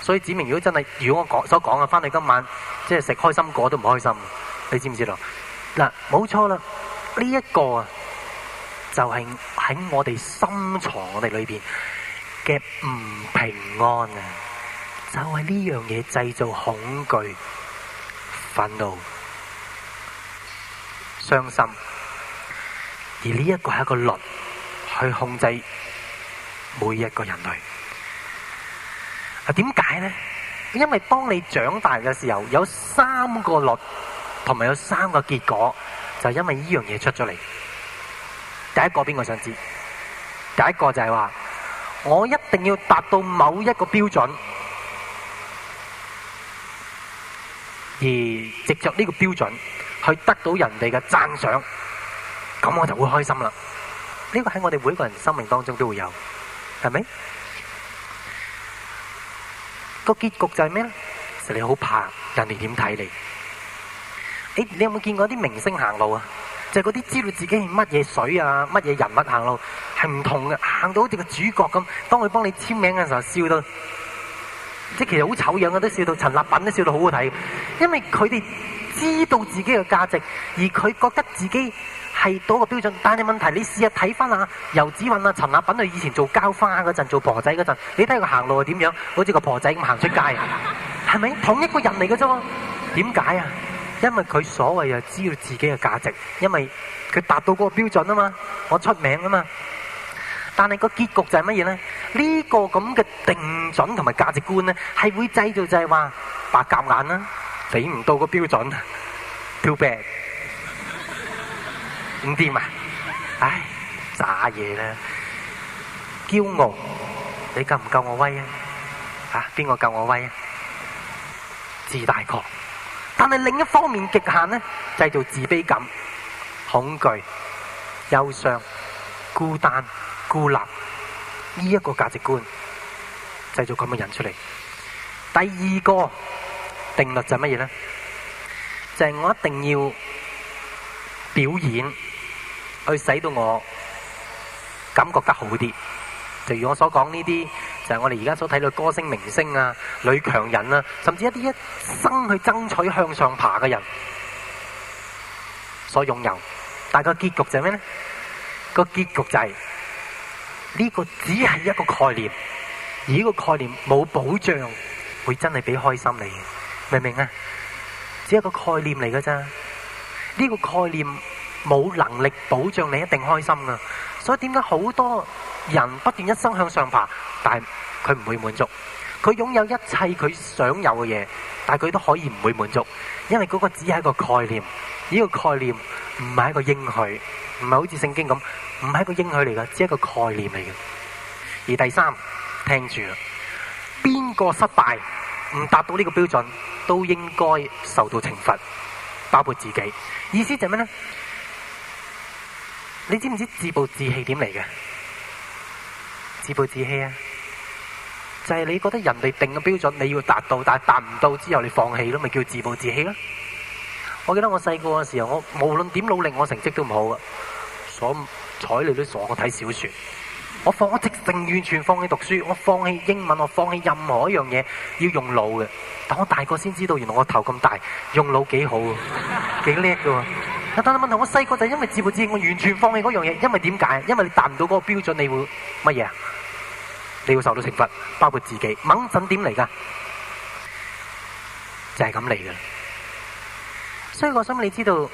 所以指明，如果真係，如果我講所講嘅，翻嚟今晚即係食開心果都唔開心。你知唔知道？嗱，冇錯啦，呢一個啊，就係喺我哋深藏我哋裏邊。嘅唔平安啊，就係呢樣嘢製造恐懼、憤怒、傷心，而呢一個係一個律去控制每一個人類。啊，點解咧？因為當你長大嘅時候，有三個律同埋有三個結果，就係因為呢樣嘢出咗嚟。第一個邊個想知？第一個就係話。我一定要達到某一個標準。就嗰、係、啲知道自己係乜嘢水啊，乜嘢人物行路係唔同嘅，行到好似個主角咁。當佢幫你簽名嘅時候，笑到即係其實好醜樣嘅，都笑到陳立品都笑到好好睇。因為佢哋知道自己嘅價值，而佢覺得自己係到個標準。但係問題是，你試下睇翻啊，游子雲啊，陳立品啊，以前做膠花嗰陣，做婆仔嗰陣，你睇佢行路係點樣，好似個婆仔咁行出街，係 *laughs* 咪同一個人嚟嘅啫？點解啊？因為佢所謂又知道自己嘅價值，因為佢達到嗰個標準啊嘛，我出名啊嘛。但係個結局就係乜嘢咧？呢個咁嘅定準同埋價值觀咧，係會製造就係話白鴿眼啦，比唔到那個標準，Too bad，唔掂啊！唉，渣嘢啦！驕傲，你夠唔夠我威啊？啊邊個夠我威啊？自大狂。但係另一方面，極限咧，製造自卑感、恐懼、憂傷、孤單、孤立，呢一個價值觀，製造咁嘅人出嚟。第二個定律就係乜嘢咧？就係我一定要表演，去使到我感覺得好啲。就如我所講呢啲。就係我哋而家所睇到歌星、明星啊、女強人啊，甚至一啲一生去爭取向上爬嘅人，所擁有，但係個結局就係咩咧？個結局就係呢個只係一個概念，而呢個概念冇保障會真係俾開心你，明唔明啊？只係一個概念嚟噶咋。呢個概念冇能力保障你一定開心啊。所以點解好多人不斷一生向上爬，但係佢唔會滿足，佢擁有一切佢想有嘅嘢，但係佢都可以唔會滿足，因為嗰個只係一個概念，呢個概念唔係一個應許，唔係好似聖經咁，唔係一個應許嚟噶，只係一個概念嚟嘅。而第三，聽住啦，邊個失敗唔達到呢個標準，都應該受到懲罰，包括自己。意思就係咩呢？你知唔知自暴自棄點嚟嘅？自暴自棄啊，就係、是、你覺得人哋定嘅標準你要達到，但係達唔到之後你放棄咯，咪叫自暴自棄咯。我記得我細個嘅時候，我無論點努力，我成績都唔好嘅，所採你都傻，我睇小説。我放我直情完全放棄讀書，我放棄英文，我放棄任何一樣嘢要用腦嘅。但我大個先知道，原來我頭咁大，用腦幾好，幾叻嘅。但係問題，我細個就因為自個知，我完全放棄嗰樣嘢，因為點解？因為你達唔到嗰個標準，你會乜嘢啊？你會受到懲罰，包括自己。猛奮點嚟㗎？就係咁嚟嘅。所以我想你知道。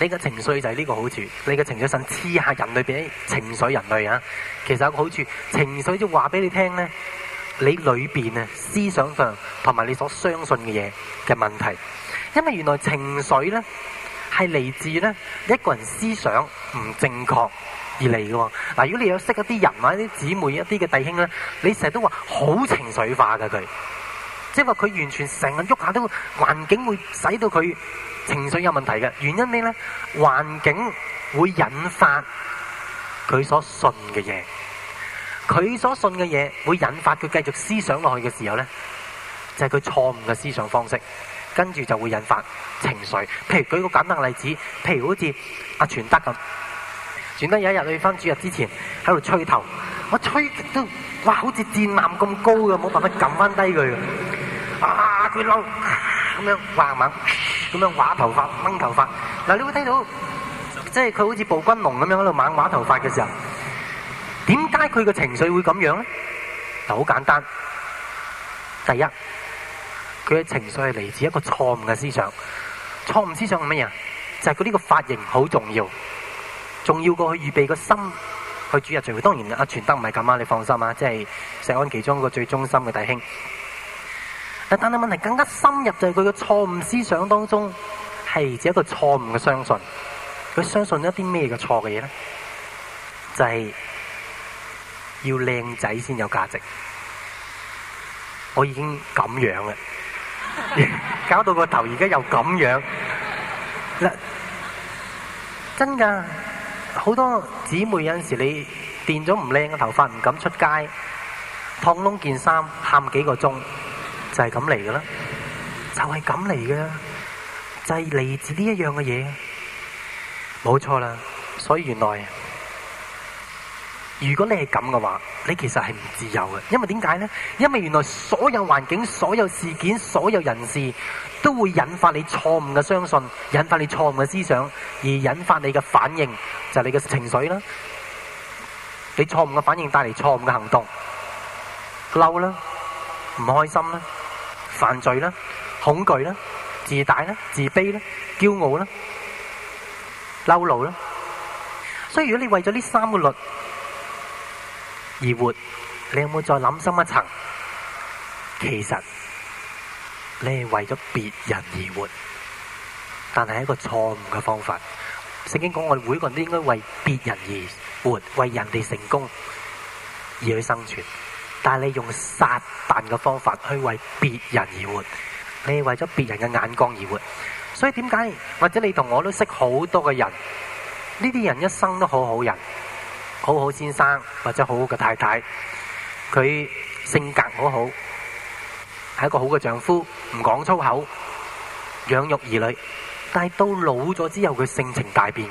你嘅情緒就係呢個好處，你嘅情緒上黐下人類俾情緒人類啊，其實有個好處，情緒就話俾你聽咧，你裏邊啊思想上同埋你所相信嘅嘢嘅問題，因為原來情緒咧係嚟自咧一個人思想唔正確而嚟嘅喎。嗱，如果你有識一啲人啊，啲姊妹一啲嘅弟兄咧，你成日都話好情緒化㗎，佢，即係話佢完全成日喐下都環境會使到佢。情緒有問題嘅原因咩咧？環境會引發佢所信嘅嘢，佢所信嘅嘢會引發佢繼續思想落去嘅時候咧，就係、是、佢錯誤嘅思想方式，跟住就會引發情緒。譬如舉個簡單例子，譬如好似阿全德咁，全德有一日去翻主日之前喺度吹頭，我吹到哇好似電纜咁高嘅，冇辦法撳翻低佢。啊！佢嬲，咁、啊、樣畫猛，猛，咁樣畫頭髮掹頭髮。嗱，你會睇到，即係佢好似暴君龍咁樣喺度猛畫頭髮嘅時候，點解佢嘅情緒會咁樣咧？就好簡單。第一，佢嘅情緒係嚟自一個錯誤嘅思想。錯誤思想係乜嘢？就係佢呢個髮型好重要，重要過佢預備個心去主日聚會。當然阿全德唔係咁啊，你放心啊，即係石安其中一個最忠心嘅弟兄。但係問題更加深入，就係佢個錯誤思想當中係一個錯誤嘅相信。佢相信一啲咩嘅錯嘅嘢咧？就係、是、要靚仔先有價值。我已經咁樣啦 *laughs* *laughs* 搞到個頭而家又咁樣真。嗱，真㗎，好多姊妹有陣時候你電咗唔靚嘅頭髮唔敢出街，燙窿件衫喊幾個鐘。就係咁嚟嘅啦，就係咁嚟嘅啦，就係嚟自呢一樣嘅嘢，冇錯啦。所以原來，如果你係咁嘅話，你其實係唔自由嘅。因為點解呢？因為原來所有環境、所有事件、所有人事，都會引發你錯誤嘅相信，引發你錯誤嘅思想，而引發你嘅反應，就係你嘅情緒啦。你錯誤嘅反應帶嚟錯誤嘅行動，嬲啦，唔開心啦。犯罪啦，恐懼啦，自大啦，自卑啦，驕傲啦，嬲怒啦。所以如果你為咗呢三個律而活，你有冇再諗深一層？其實你係為咗別人而活，但係一個錯誤嘅方法。聖經講我哋每個人都應該為別人而活，為人哋成功而去生存。但係你用撒旦嘅方法去為別人而活，你為咗別人嘅眼光而活，所以點解或者你同我都識好多嘅人，呢啲人一生都好好人，好好先生或者好好嘅太太，佢性格好好，係一個好嘅丈夫，唔講粗口，養育兒女，但係到老咗之後佢性情大變，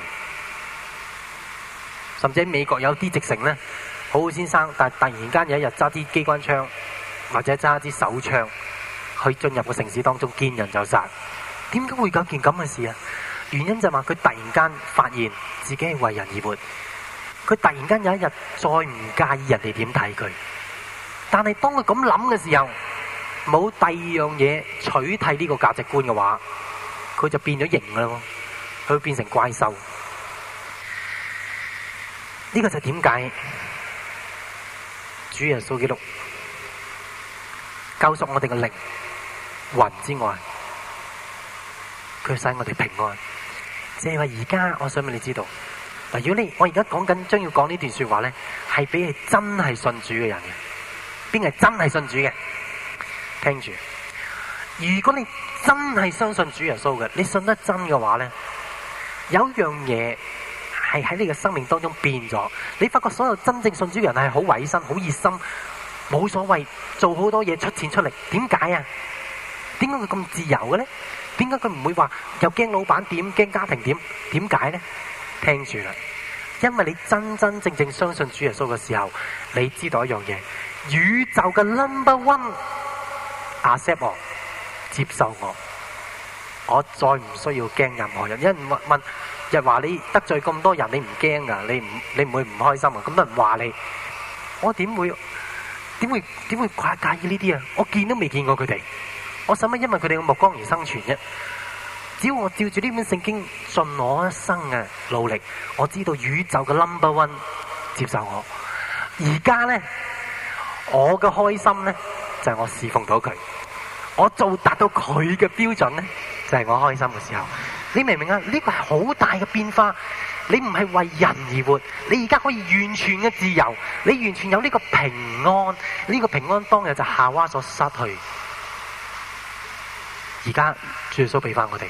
甚至喺美國有啲直成咧。好好先生，但係突然間有一日揸支機關槍或者揸支手槍去進入個城市當中，見人就殺，點解會搞件咁嘅事啊？原因就係話佢突然間發現自己係為人而活，佢突然間有一日再唔介意人哋點睇佢，但係當佢咁諗嘅時候，冇第二樣嘢取替呢個價值觀嘅話，佢就變咗形咯，佢會變成怪獸。呢個就點解？主耶穌基督，救贖我哋嘅靈魂之外，佢使我哋平安。借話而家，我想畀你知道，嗱，如果你我而家講緊將要講呢段說話咧，係俾你真係信主嘅人嘅，邊個真係信主嘅？聽住，如果你真係相信主耶穌嘅，你信得真嘅話咧，有樣嘢。係喺你嘅生命當中變咗，你發覺所有真正信主嘅人係好委身，好熱心，冇所謂，做好多嘢，出錢出力。點解啊？點解佢咁自由嘅咧？點解佢唔會話又驚老闆點，驚家庭點？點解咧？聽住啦，因為你真真正正相信主耶穌嘅時候，你知道一樣嘢，宇宙嘅 number one accept 我，接受我，我再唔需要驚任何人。因問問。又話你得罪咁多人，你唔驚㗎？你唔你唔會唔開心啊？咁多人話你，我點會點會點會介介意呢啲啊？我見都未見過佢哋，我使乜因為佢哋嘅目光而生存啫？只要我照住呢本聖經，盡我一生嘅努力，我知道宇宙嘅 number one 接受我。而家咧，我嘅開心咧就係我侍奉到佢，我做達到佢嘅標準咧就係我開心嘅時候。你明唔明啊？呢個係好大嘅變化。你唔係為人而活，你而家可以完全嘅自由，你完全有呢個平安。呢個平安當日就夏娃所失去，而家主耶穌俾翻我哋。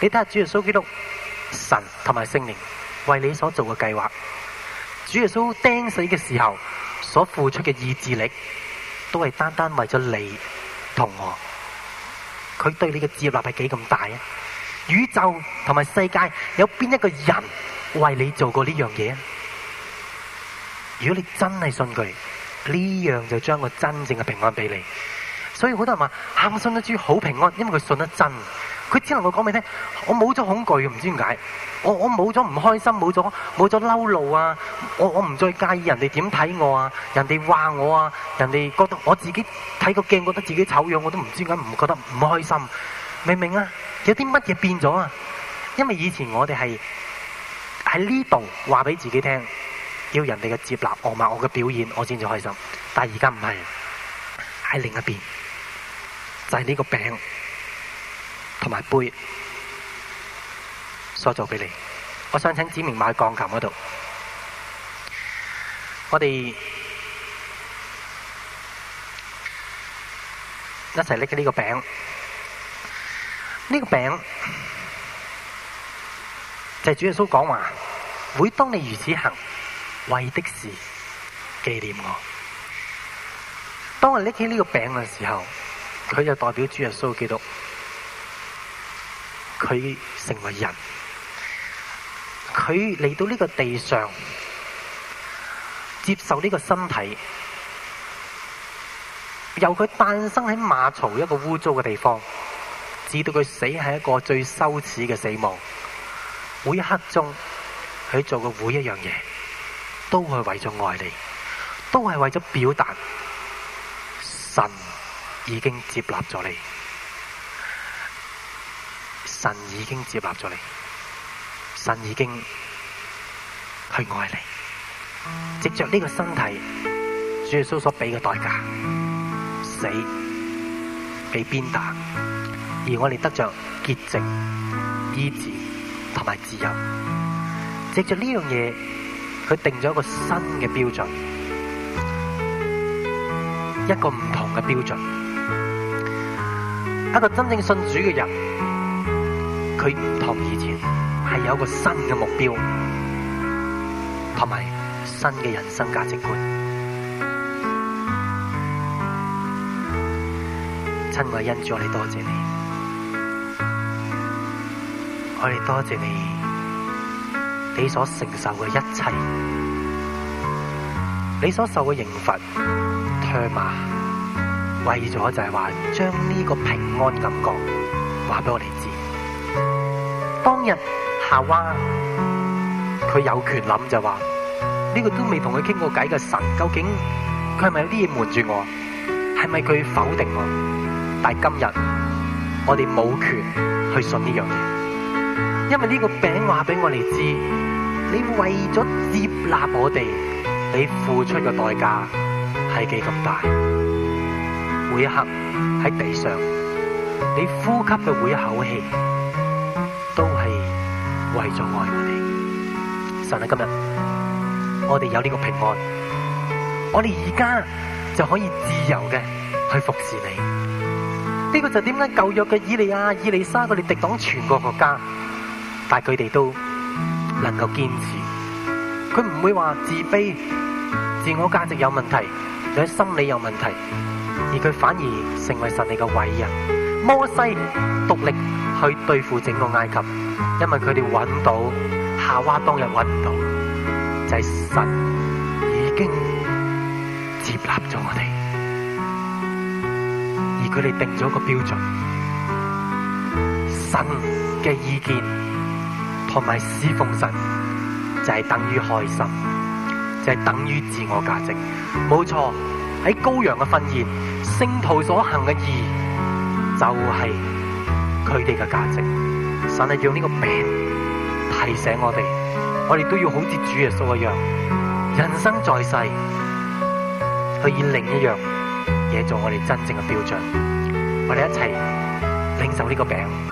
你睇下主耶穌基督神同埋聖靈為你所做嘅計劃，主耶穌釘死嘅時候所付出嘅意志力，都係單單為咗你同我。佢對你嘅接納係幾咁大啊？宇宙同埋世界有邊一個人為你做過呢樣嘢啊？如果你真係信佢，呢樣就將個真正嘅平安俾你。所以好多人話：喊信得主好平安，因為佢信得真。佢只能夠講俾你聽：我冇咗恐懼，唔知點解。我我冇咗唔開心，冇咗冇咗嬲怒啊！我我唔再介意人哋點睇我啊！人哋話我啊！人哋覺得我自己睇個鏡覺得自己醜樣，我都唔知點解唔覺得唔開心。明唔明啊？有啲乜嘢變咗啊？因為以前我哋係喺呢度話俾自己聽，要人哋嘅接納，我埋我嘅表演，我先至開心。但係而家唔係喺另一邊，就係呢個餅同埋杯所做俾你。我想請子明買鋼琴嗰度，我哋一齊拎嘅呢個餅。呢、這個餅就係、是、主耶穌講話，每當你如此行，為的是紀念我。當我拎起呢個餅嘅時候，佢就代表主耶穌基督，佢成為人，佢嚟到呢個地上，接受呢個身體，由佢誕生喺馬槽一個污糟嘅地方。直到佢死，係一個最羞恥嘅死亡，每一刻鐘，佢做嘅每一樣嘢，都係為咗愛你，都係為咗表達神已經接納咗你，神已經接納咗你，神已經去愛你，藉着呢個身體，主耶穌所俾嘅代價，死俾鞭打。而我哋得着潔淨、醫治同埋自由著這，借着呢樣嘢，佢定咗一個新嘅標準，一個唔同嘅標準。一個真正信主嘅人，佢唔同以前，係有一個新嘅目標，同埋新嘅人生價值觀。親愛的恩主，我哋多謝你。我哋多謝你，你所承受嘅一切，你所受嘅刑罰、唾罵，為咗就係話將呢個平安感覺話俾我哋知。當日夏娃佢有權諗就話，呢個都未同佢傾過偈嘅神，究竟佢係咪有啲嘢瞞住我？係咪佢否定我？但係今日我哋冇權去信呢樣嘢。因為呢個餅話俾我哋知，你為咗接納我哋，你付出嘅代價係幾咁大。每一刻喺地上，你呼吸嘅每一口氣，都係為咗愛我哋。神啊，今日我哋有呢個平安，我哋而家就可以自由嘅去服侍你。呢個就點解舊約嘅以利亞、以利沙，佢哋敵擋全個國家？但佢哋都能夠堅持，佢唔會話自卑、自我價值有問題，或者心理有問題，而佢反而成為神嘅偉人。摩西獨力去對付整個埃及，因為佢哋揾到夏娃當日揾唔到，就係神已經接納咗我哋，而佢哋定咗個標準，神嘅意見。同埋施奉神，就係、是、等於開心，就係、是、等於自我價值，冇錯。喺羔羊嘅婚宴，聖徒所行嘅義就係佢哋嘅價值。神係用呢個餅提醒我哋，我哋都要好似主耶穌一樣，人生在世去以另一樣嘢做我哋真正嘅標準。我哋一齊領受呢個餅。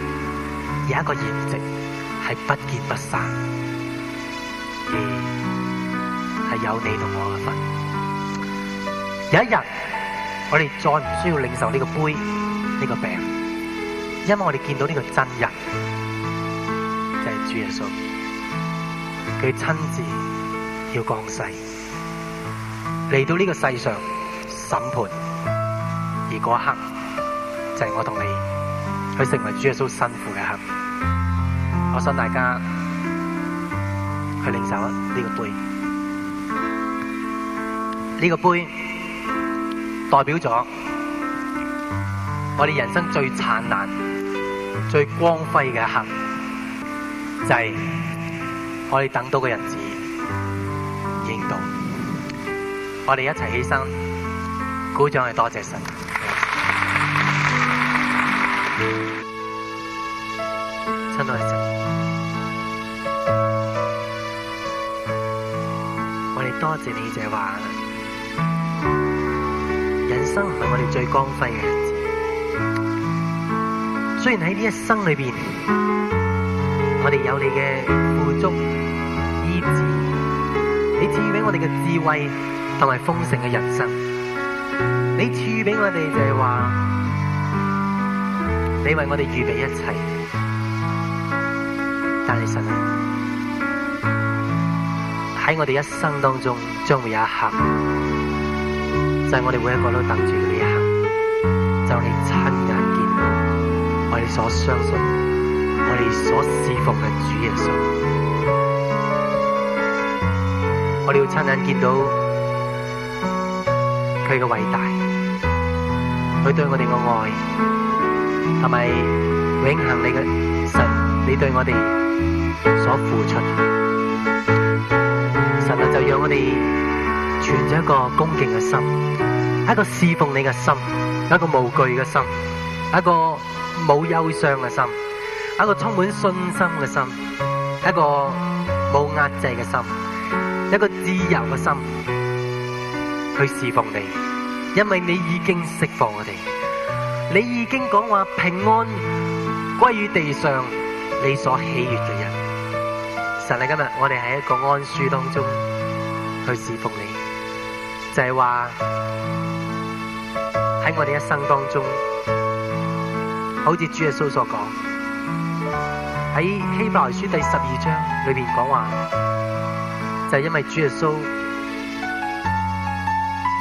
有一個筵席係不見不散，係有你同我嘅份。有一日我哋再唔需要領受呢個杯呢個餅，因為我哋見到呢個真人就係主耶穌，佢親自要降世嚟,到呢個世上審判。而嗰刻就係我同你去成為主耶穌辛苦嘅一刻。相信大家去領受啊！呢個杯，呢個杯代表咗我哋人生最燦爛、最光輝嘅一刻，就係我哋等到嘅日子應到，我哋一齊起身鼓掌，去多謝神。謝你，就係話，人生唔係我哋最光輝嘅日子。雖然喺呢一生裏邊，我哋有你嘅富足、醫治，你賜予俾我哋嘅智慧同埋豐盛嘅人生，你賜予俾我哋就係話，你為我哋預備一切，但係神啊！喺我哋一生當中，將會有一刻，就係我哋每一個都等住嘅一刻，就係你親眼見到我哋所相信、我哋所侍奉嘅主耶穌，我哋要親眼見到佢嘅偉大，佢對我哋嘅愛，係咪永恒？你嘅神，你對我哋所付出。讓我哋存着一個恭敬嘅心，一個侍奉你嘅心，一個無懼嘅心，一個冇憂傷嘅心，一個充滿信心嘅心，一個冇壓制嘅心，一個自由嘅心。去侍奉你，因為你已經釋放我哋，你已經講話平安歸於地上你所喜悅嘅人。神啊，今日我哋喺一個安舒當中。去侍奉你，就係話喺我哋一生當中，好似主耶穌所講，喺希伯來書第十二章裏面講話，就係、是、因為主耶穌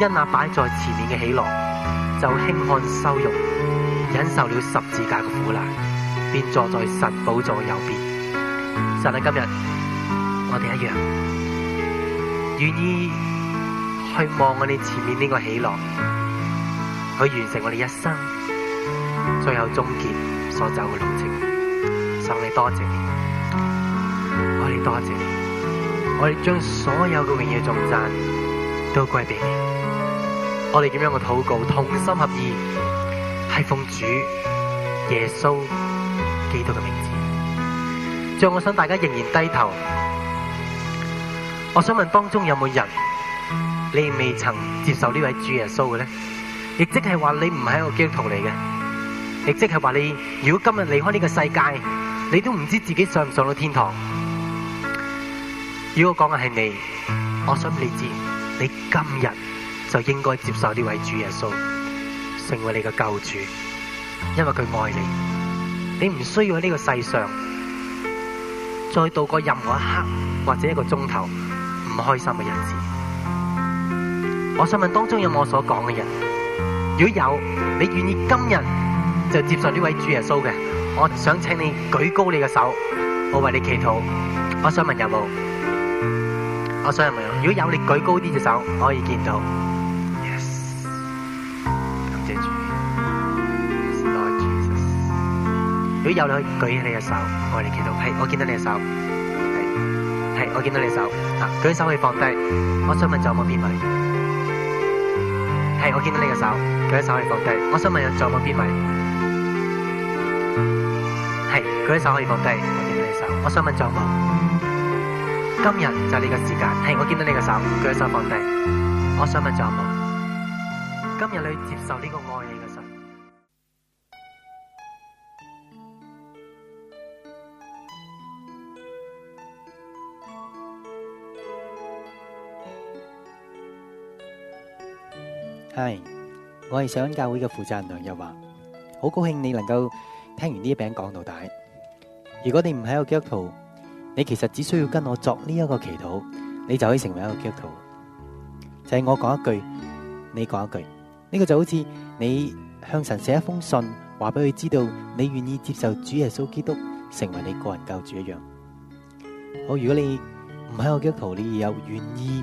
因那擺在前面嘅喜樂，就輕看羞辱，忍受了十字架嘅苦難，便坐在神寶座右邊。神喺今日，我哋一樣。願意去望我哋前面呢個喜樂，去完成我哋一生最後終結所走嘅路程。神你多謝你，我哋多謝你，我哋將所有嘅榮耀頌讚都歸俾你。我哋點樣嘅禱告，同心合意，係奉主耶穌基督嘅名字。最後我想大家仍然低頭。我想問當中有冇人你未曾接受呢位主耶穌嘅咧？亦即係話你唔係一個基督徒嚟嘅，亦即係話你如果今日離開呢個世界，你都唔知自己上唔上到天堂。如果講嘅係你，我想你我想知，你今日就應該接受呢位主耶穌，成為你嘅救主，因為佢愛你。你唔需要喺呢個世上，再度過任何一刻或者一個鐘頭唔開心嘅日子，我想問當中有冇我所講嘅人？如果有，你願意今日就接受呢位主耶穌嘅？我想請你舉高你嘅手，我為你祈禱。我想問有冇？我想問，如果有你舉高啲隻手，我可以見到？Yes，感謝主。多謝主，如果有你可以舉起你嘅手，我為你祈禱。係，我見到你嘅手。我見到你手，嗱，舉手可以放低。我想問仲有冇邊位？係，我見到你嘅手，舉手可以放低。我想問仲有冇邊位？係，舉手可以放低。我見到你手，我想問仲有冇？今日就係你嘅時間。係，我見到你嘅手，舉手放低。我想問仲有冇？今日你接受呢個愛你嘅？係，我係上教會嘅負責人梁日華，好高興你能夠聽完呢一餅講道帶。如果你唔喺一個基督徒，你其實只需要跟我作呢一個祈禱，你就可以成為一個基督徒。就係、是、我講一句，你講一句，呢、這個就好似你向神寫一封信，話俾佢知道你願意接受主耶穌基督成為你個人救主一樣。好，如果你唔喺一個基督徒，你又願意？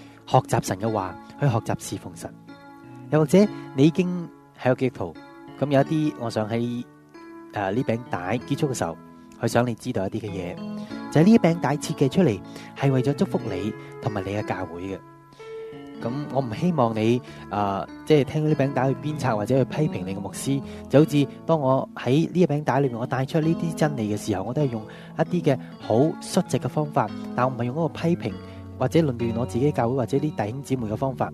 學習神嘅話，去學習侍奉神。又或者你已經喺個基督徒，咁有一啲，我想喺誒呢餅帶結束嘅時候，去想你知道一啲嘅嘢。就係呢一餅帶設計出嚟，係為咗祝福你同埋你嘅教會嘅。咁我唔希望你誒，即係聽到呢餅帶去鞭策或者去批評你嘅牧師。就好似當我喺呢一餅帶裏面，我帶出呢啲真理嘅時候，我都係用一啲嘅好率直嘅方法，但我唔係用嗰個批評。或者論斷我自己教會或者啲弟兄姊妹嘅方法，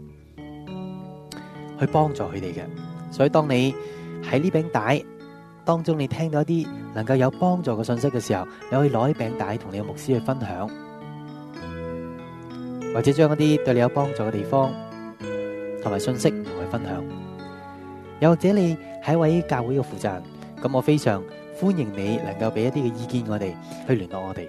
去幫助佢哋嘅。所以當你喺呢餅帶當中，你聽到一啲能夠有幫助嘅信息嘅時候，你可以攞啲餅帶同你嘅牧師去分享，或者將一啲對你有幫助嘅地方同埋信息同佢分享。又或者你係一位教會嘅負責人，咁我非常歡迎你能夠俾一啲嘅意見我哋，去聯絡我哋。